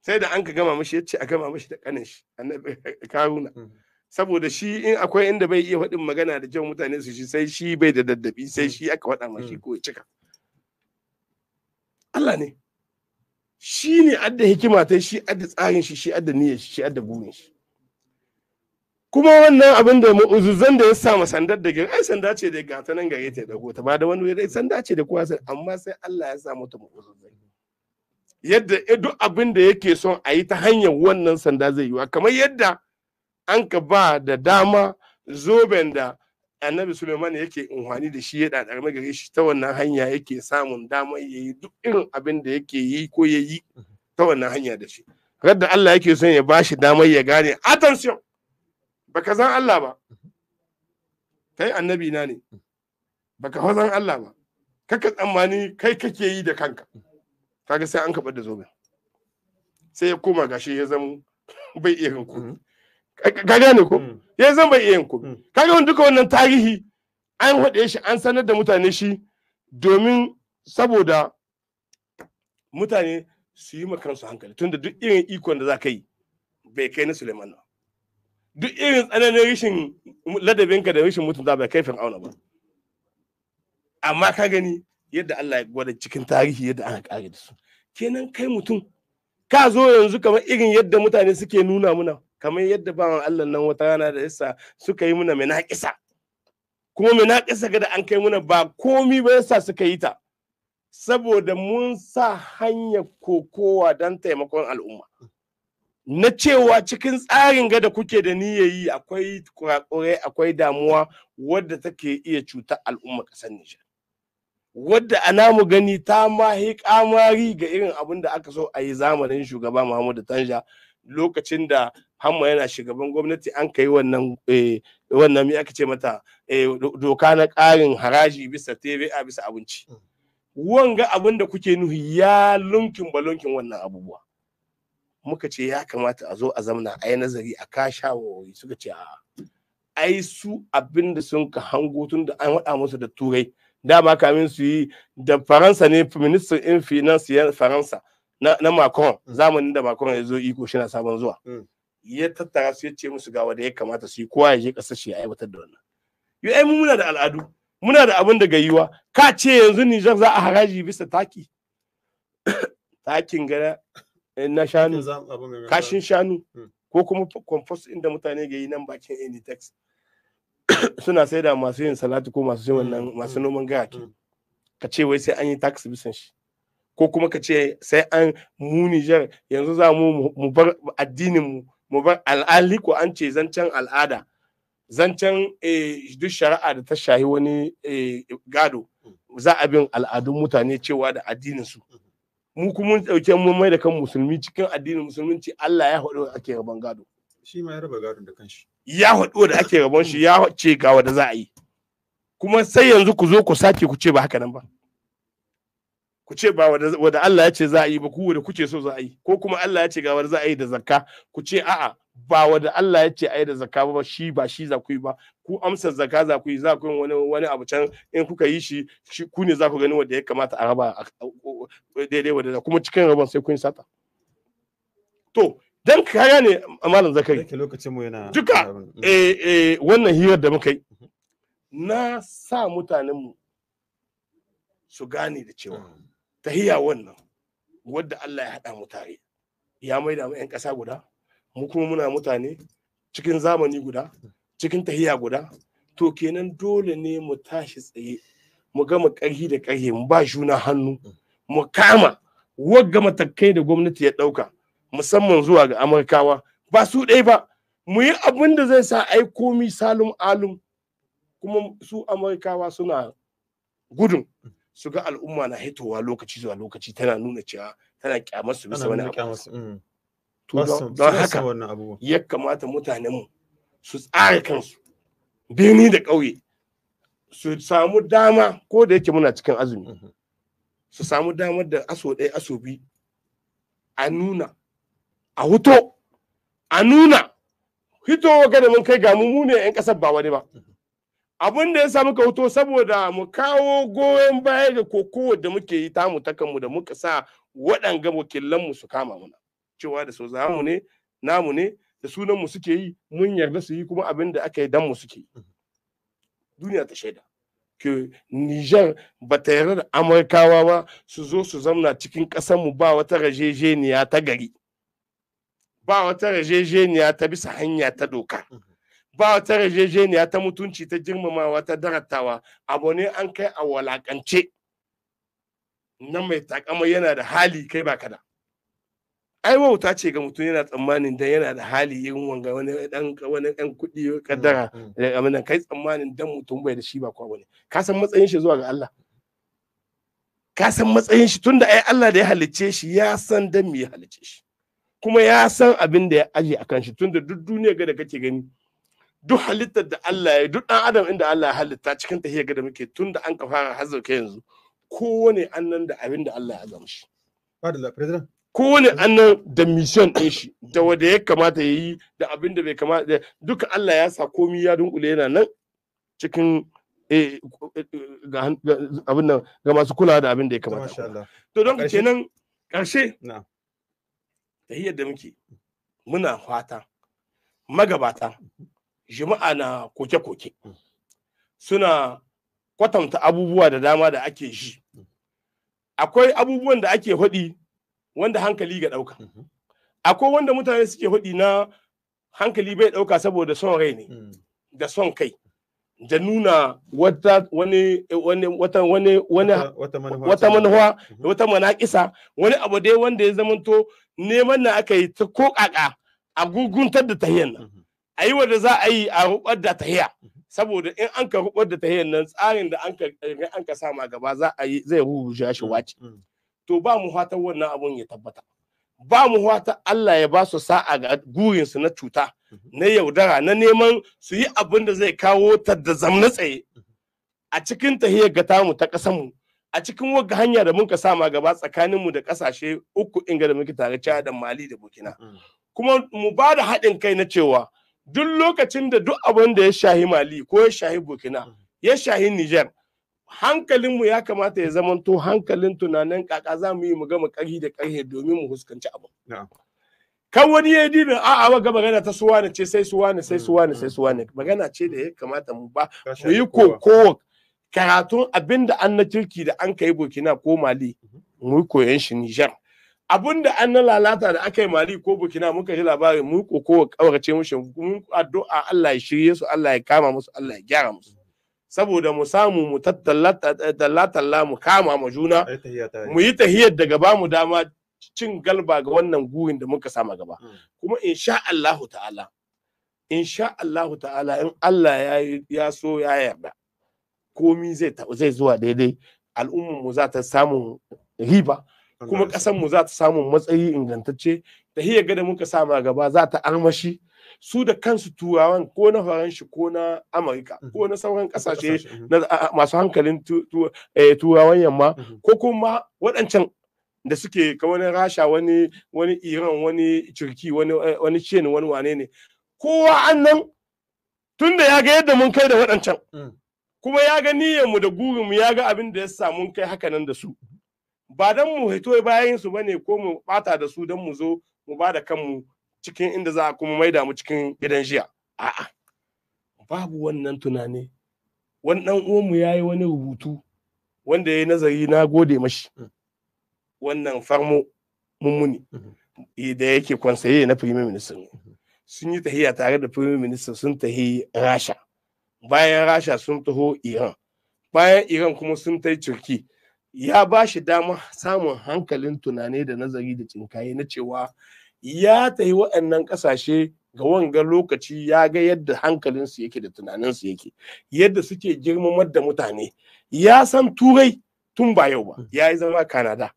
sai da an ka gama mashi yace a gama mashi da kanin shi annabi Karuna mm. saboda shi in akwai inda bai iya faɗin magana da jan mutane su shi sai shi bai da daddabi sai mm. shi aka faɗa mashi ko ya cika Allah ne shi ne adda hikima ta shi adda tsarin shi shi adda niyyar shi shi adda burin shi kuma wannan abin da uzuzzan da ya sa sandar da ai sanda ce da gata nan gare ta dago ta ba da wani wuri sanda ce da kowa sai amma sai Allah ya sa mata uzuzzan yadda eh, duk abin da yake son a yi ta hanyar wannan sanda zai wa kamar yadda an ka ba da dama zoben da annabi suleiman yake unhwani da shi ya ɗaɗarmi gare shi ta wannan hanya yake samun damar ya yi duk irin abin da yake yi ko ya yi ta wannan hanya da shi radda Allah yake son ya bashi damar ya gane attention baka zan Allah ba kai annabi na ne baka zan Allah ba kaka tsammani kai kake yi da kanka kaga sai an kaba da zoben sai ya koma gashi ya zama bai iya yin kuɗi mm-hmm. ka gane ko mm. ya zama bai iya yin kuɗi mm. kaga wani duka wannan tarihi an haɗe shi an sanar da mutane shi domin saboda mutane su yi kansu hankali tunda duk irin ikon da za ka yi bai kai na Suleiman duk irin tsananin rashin ladabinka da rashin mutunta bai kai fir'auna ba amma ka gani yadda Allah ya gwada cikin tarihi yadda aka kare da su kenan kai mutum ka zo yanzu kamar irin yadda mutane suke nuna muna kamar yadda wa Allah nan wata rana da yasa suka yi muna mai naƙisa kuma mai naƙisa ga da an kai muna ba komi ba yasa suka yi ta saboda mun sa hanyar kokowa don taimakon al'umma na cewa cikin tsarin gada kuke da niyyayi akwai kurakurai akwai damuwa wadda take iya cutar al'umma ƙasar Nijar. Wadda ana mu gani ta mahi kamari ga irin abin da aka so a yi zamanin shugaba Muhammadu Tanja lokacin da Hamma yana shugaban gwamnati an kai wannan eh, wannan me aka ce mata eh, doka na ƙarin haraji bisa TVA bisa abinci. Mm. Wanga abin da kuke nuhi ya lunkin balunkin wannan abubuwa. muka ce ya kamata a zo a zamna a yi nazari a ka shawarwari suka ce a ai su abin da sun ka hango tun da an waɗa musu da turai dama kamin su yi da faransa ne ministan in finance faransa na macron mm. zamanin da macron ya zo iko shi na sabon zuwa mm. ya tattara su ya ce musu ga wanda ya kamata su yi kowa ya je ƙasar shi ya aiwatar da wannan yo ai muna da al'adu muna da abin da gayuwa ka ce yanzu Nijar za a haraji bisa taki takin gara Eh, na shanu kashin shanu hmm. ko kuma compost da mutane ga yi nan bakin Enitex suna sai da masu yin salatu ko masu yin wannan hmm. masu hmm. noman gaki ka ce wai sai an yi tax bisan shi ko kuma ka ce sai an mu Niger yanzu za mu mu bar addinin mu mu bar al'ali ko an ce zancen al'ada zancen eh, duk shari'a da ta shahi wani eh, gado za a bin al'adun mutane cewa da addinin su mu kuma mun dauke mun mai da kan musulmi cikin addinin musulunci Allah ya hudu ake gaban gado shi ma ya raba gado da kanshi ya hudu da ake gaban shi ya ce ga wanda za a yi kuma sai yanzu ku zo ku sake ku ce ba haka nan ba ku ce ba wanda Allah ya ce za a yi ba ku da kuke so za a yi ko kuma Allah ya ce ga wanda za a yi da zakka ku ce a'a ba wanda Allah ya ce a yi da zaka ba shi ba shi za ku yi ba ku amsar zaka za ku yi za ku yi wani wani abu can in kuka yi shi ku ne za ku gani wanda ya kamata a raba daidai wanda kuma cikin rabon sai kun sata to dan ga ne malam zakari lokacin mu yana duka eh eh wannan hirar da muka yi mhm. na sa mutanen mu su gane da cewa mm. tahiya wannan wadda Allah ya haɗa mu tare ya maida mu 'yan ƙasa guda mu kuma muna mutane cikin zamani guda cikin tahiya guda to kenan dole ne mu tashi tsaye mu gama ƙarhi da ƙarhe mu ba juna hannu mu kama wagga matakai da gwamnati ya ɗauka musamman zuwa ga amurkawa ba su ɗaya ba mu yi abin da zai sa ai komi salum alum kuma su amurkawa suna gudun su ga al'umma na hitowa lokaci zuwa lokaci tana nuna cewa tana kyamar bisa wani abu mm. don haka ya kamata mutanenmu su tsara kansu birni da ƙauye su samu dama ko da yake muna cikin azumi mhm. su samu damar da aso ɗaya aso a nuna a huto a nuna hito gane mun kai gamu mu ne 'yan ƙasar ba wani ba mhm. abin da ya samu ka huto saboda mu kawo goyon baya ga kokowa da muke yi tamu takanmu da muka sa waɗanga wakilanmu su kama muna cewa da sau zamu ne namu ne da sunan mu suke yi mun yarda su yi kuma abin da aka yi dan mu suke yi mhm. duniya ta shaida ke Niger ba ta yarda da Amurkawa ba su zo su zamna cikin ƙasar mu ba wata rajejeniya ta gari ba wata rajejeniya ta bisa hanya ta doka mhm. ba wata rajejeniya ta mutunci ta girmamawa ta daratawa abu ne an kai a walakance na mai takama yana da hali kai ba kada ai wauta ce ga mutum yana tsammanin dan yana da hali yin wanga wani dan wani dan kudi kaddara mm, mm. amana kai tsammanin dan mutum bai da shi ba kwa bane ka san matsayin shi zuwa ga Allah ka san matsayin shi tunda ai Allah da ya halicce shi ya san dan me ya halicce shi kuma ya san abin da ya aje akan shi tunda duk duniya ga da kake gani duk halittar da Allah ya duk dan adam inda Allah ya halitta cikin tahiyar ga da muke tunda an ka fara ke yanzu kowane annan da abin da Allah ya shi? Fadalla President. kowane annan da mission ɗin shi da wanda ya kamata ya yi da abin da bai kamata duka Allah ya sa komi ya dunkule yana nan cikin eh, abin nan ga masu kula da abin da ya kamata to don nan ƙarshe tahiyyar yadda muke muna fata magabata jima'a na koke-koke suna kwatanta abubuwa da dama da ake ji mm. akwai abubuwan da ake faɗi. wanda hankali ga ɗauka mhm. akwai wanda mutane suke hudi na hankali bai ɗauka saboda son rai ne mm. da son kai da nuna wata wani wani wata wani wata manuwa wata mhm. manakisa wani abu dai wanda ya zamanto neman na aka yi ta ko kaka a guguntar da tahiyan nan mhm. a yi wanda za a yi a rubar da tahiya saboda in an ka rubar da tahiyan nan tsarin da an ka sa ma gaba za a yi zai ruru shi mm, wace mm. to ba mu fata wannan abun ya tabbata ba mu fata Allah ya ba su sa'a ga gurinsu na cuta mhm. na yaudara na neman su yi abin da zai kawo ta da zamna tsaye mhm. a cikin tahiyar ga tamu ta mu a cikin wagga hanya da muka ma gaba tsakanin mu da kasashe uku inga da muke tare cewa da mali da burkina kuma mu ba da haɗin kai na cewa duk lokacin da duk abin da ya shahi mali ko ya shahi burkina ya shahi niger hankalinmu ya kamata ya zamanto hankalin tunanin kaka za mu yi mu gama ƙarfi da ƙarfe domin mu huskanci abu kan wani ya yi a a waga magana ta suwa ne ce sai suwa ne sai mm, suwa ne sai mm. suwa ne magana ce da ya kamata mu ba mu yi kokowa karatun abin da an na kirki da an kai burkina ko mali mm-hmm. mu koyon shi nijar abin da an na lalata da aka yi mali ko burkina muka ji labari mu yi kokowa kawarce mu mun addu'a Allah ya shirye su Allah ya kama musu Allah ya gyara musu saboda mu samu mu tattalla mu kama ma juna mu yi tahiyar daga gaba mu dama cin galba ga wannan gurin da muka sama gaba mm. kuma insha Allahu ta'ala insha Allahu ta'ala in Allah ya so ya yarda komi zai zai zuwa daidai al'ummar mu za ta samu riba kuma ƙasar mu za ta samu matsayi ingantacce tahiyar ga da muka sama gaba za ta armashi su da kansu turawan ko na faranshi ko na amurka mhm. ko na sauran kasashe mhm. masu hankalin eh, turawan yamma mhm. ko kuma waɗancan da suke ka wani rasha wani wani iran wani turki wani eh, wani cin wani wane ne kowa annan tun da ya ga yadda mun kai da waɗancan mm. kuma ya ga niyyarmu da gurinmu ya ga abin da ya samu mun kai haka nan da su ba don mu hito bayan su bane ko mu bata da su don mu zo mu ba da kanmu cikin inda za a kuma maida mu cikin gidan jiya a'a babu wannan tunani wani dan uwanmu ya yi wani rubutu wanda ya yi nazari na gode mashi mm. wannan farmo mummuni mm-hmm. eh, da yake kwansaye na premier minister mm-hmm. sun yi tahiya tare da premier minister sun tahi rasha bayan rasha sun taho iran bayan iran kuma sun tai turki ya ba shi dama samun hankalin tunani da nazari da cinkaye na cewa ya tafi waɗannan ƙasashe ga wanga lokaci ya ga yadda hankalinsu yake da tunaninsu yake yadda suke girmamar da mutane ya san turai tun ba yau ba hmm. ya yi zama kanada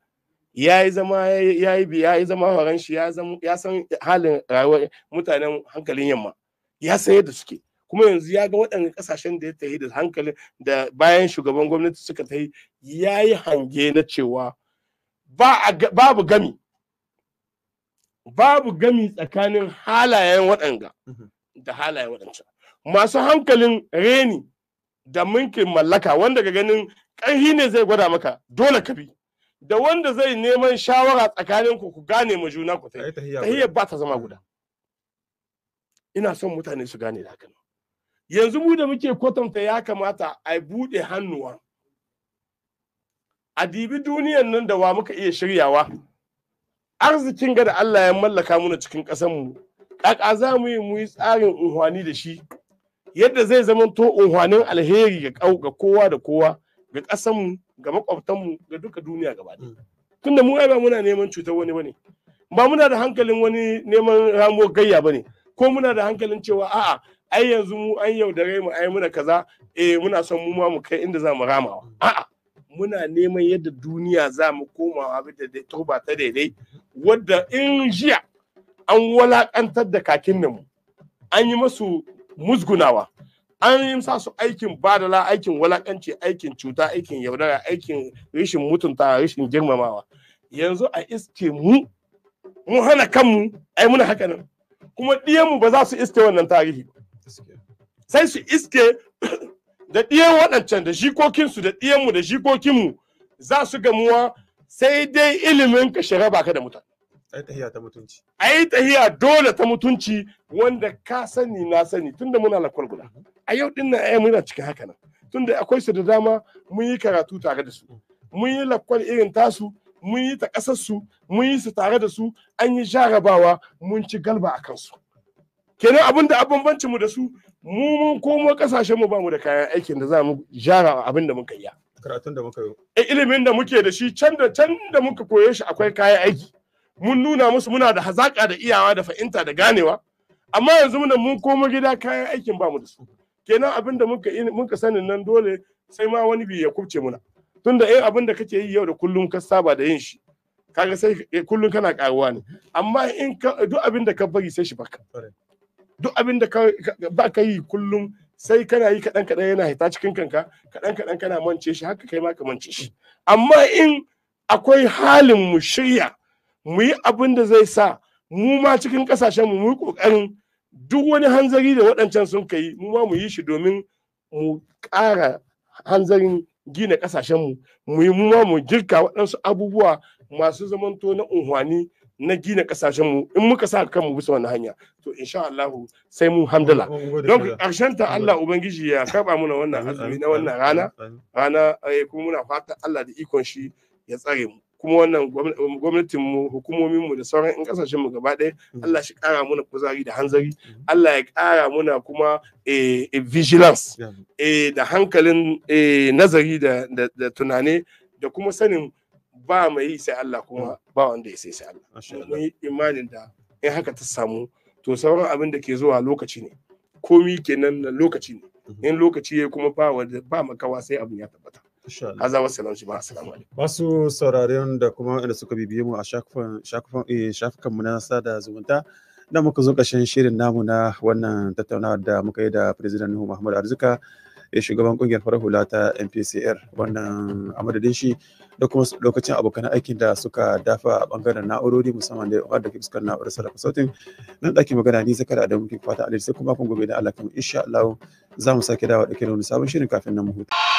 ya yi zama ya yi ya yi zama faranshi ya san halin rayuwar mutanen hankalin yamma ya san yadda suke kuma yanzu ya ga waɗannan ƙasashen da ya tafi da hankali da bayan shugaban gwamnati suka tafi ya yi hange na cewa babu gami babu gami tsakanin halayen waɗanga mhm. da halayen waɗancan masu hankalin reni da mulkin mallaka wanda ga ganin ƙarhi ne zai gwada maka dole ka bi da wanda zai neman shawara tsakanin ku ku gane ma juna ku ta tahiyya ba ta zama mm. guda ina son mutane su gane da hakan yanzu mu da muke kwatanta ya kamata a buɗe hannuwa a dibi duniyan nan da wa muka iya shiryawa arzikin ga da Allah ya mallaka muna cikin ƙasanmu ƙaƙa za mu yi mu yi tsarin unhwani da shi yadda zai zamanto unhwanin alheri ga ga kowa da kowa ga ƙasanmu ga makwabtanmu ga duka duniya gaba tunda mu ba muna neman cutar wani bane ba muna da hankalin wani neman ramo gayya bane ko muna da hankalin cewa a'a ai yanzu mu an yaudare mu ai muna kaza eh muna son mu ma mu kai inda za mu ramawa a'a muna neman yadda duniya za mu koma abin da ba ta daidai wadda in jiya an walakantar da kakinninmu an yi masu musgunawa an yi sa su aikin badala aikin walakanci aikin cuta aikin yaudara aikin rashin mutunta rashin girmamawa yanzu a iske mu mu hana kanmu ai muna haka nan kuma mu ba za su iske wannan tarihi sai su iske da ɗiyan waɗancan da jikokinsu da ɗiyanmu da jikokinmu za su gamuwa sai dai ilimin ka shara baka da mutane. Ai tahiya ta mutunci. Ai tahiya dole ta mutunci wanda ka sani na sani tun da muna lakwal guda. A yau din nan ayyar eh, muna cikin haka nan. da akwai su da dama mun yi karatu tare da su. Mun yi lakwal irin tasu, mun yi ta ƙasar su, mun yi su tare da su, an yi jarabawa, mun ci galba a kansu. Kenan abin da abin mu da su mu mun komo kasashen mu ba mu da kayan aikin da za mu jara abin da muka yi karatun da muka yi eh, ilimin da muke da shi can da can da muka koye shi akwai kayan aiki mun nuna musu muna da hazaka da iyawa da fahimta da ganewa amma yanzu muna mun komo gida kayan aikin ba mu da su kenan abin da muka muka sanin nan dole sai ma wani bi ya kubce muna tunda eh abin da kake yi yau da kullum ka saba da yin shi kaga sai eh, kullum kana karuwa ne amma in duk abin da ka bari sai shi baka duk abin da ba ka yi kullum sai kana yi kaɗan kaɗan yana hita cikin kanka kaɗan kaɗan kana mance shi haka kai ma ka mance shi amma in akwai halin mu shirya mu yi abin da zai sa mu ma cikin ƙasashen mu mu yi ƙoƙarin duk wani hanzari da waɗancan sun kai mu ma mu yi shi domin mu ƙara hanzarin gina ƙasashen mu mu yi mu ma mu girka waɗansu abubuwa masu zamanto na unhwani na gina kasashenmu in muka sa kanmu bisa wannan hanya to insha Allah sai mu hamdala don ƙarshen ta Allah ubangiji ya karba muna wannan azumi na wannan rana rana eh, kuma muna fata Allah da ikon shi ya tsare mu kuma wannan gwamnatin mu hukumomin mu da sauran in kasashen mu gaba ɗaya mm. Allah shi kara muna kuzari da hanzari mm. Allah ya kara muna kuma eh, eh, vigilance da hankalin nazari da tunani da kuma sanin ba mai yi sai Allah kuma mm. ba wanda ya sai sai Allah mun yi imanin da in haka ta samu to sauran abin da ke zuwa lokaci ne komi kenan na lokaci ne mhm. in lokaci ya kuma ba ba makawa sai abin ya tabbata Haza wasu salam shi ba assalamu alaikum. Masu sauraron da kuma wanda suka bibiye mu a shafukan eh, mu na sada zumunta da muka zo ƙarshen shirin namu na wannan tattaunawa da muka yi da President Nuhu Muhammad arzika eh, shugaban kungiyar farar hula ta NPCR wannan a madadin shi da kuma lokacin abokan aikin da suka dafa a bangaren na'urori musamman da wanda ke fuskar na'urar sarrafa sautin nan ɗakin magana ni zakara da muke fata alheri sai kuma kun gobe da Allah kuma insha Allah za mu sake dawo da wani sabon shirin kafin nan mu huta.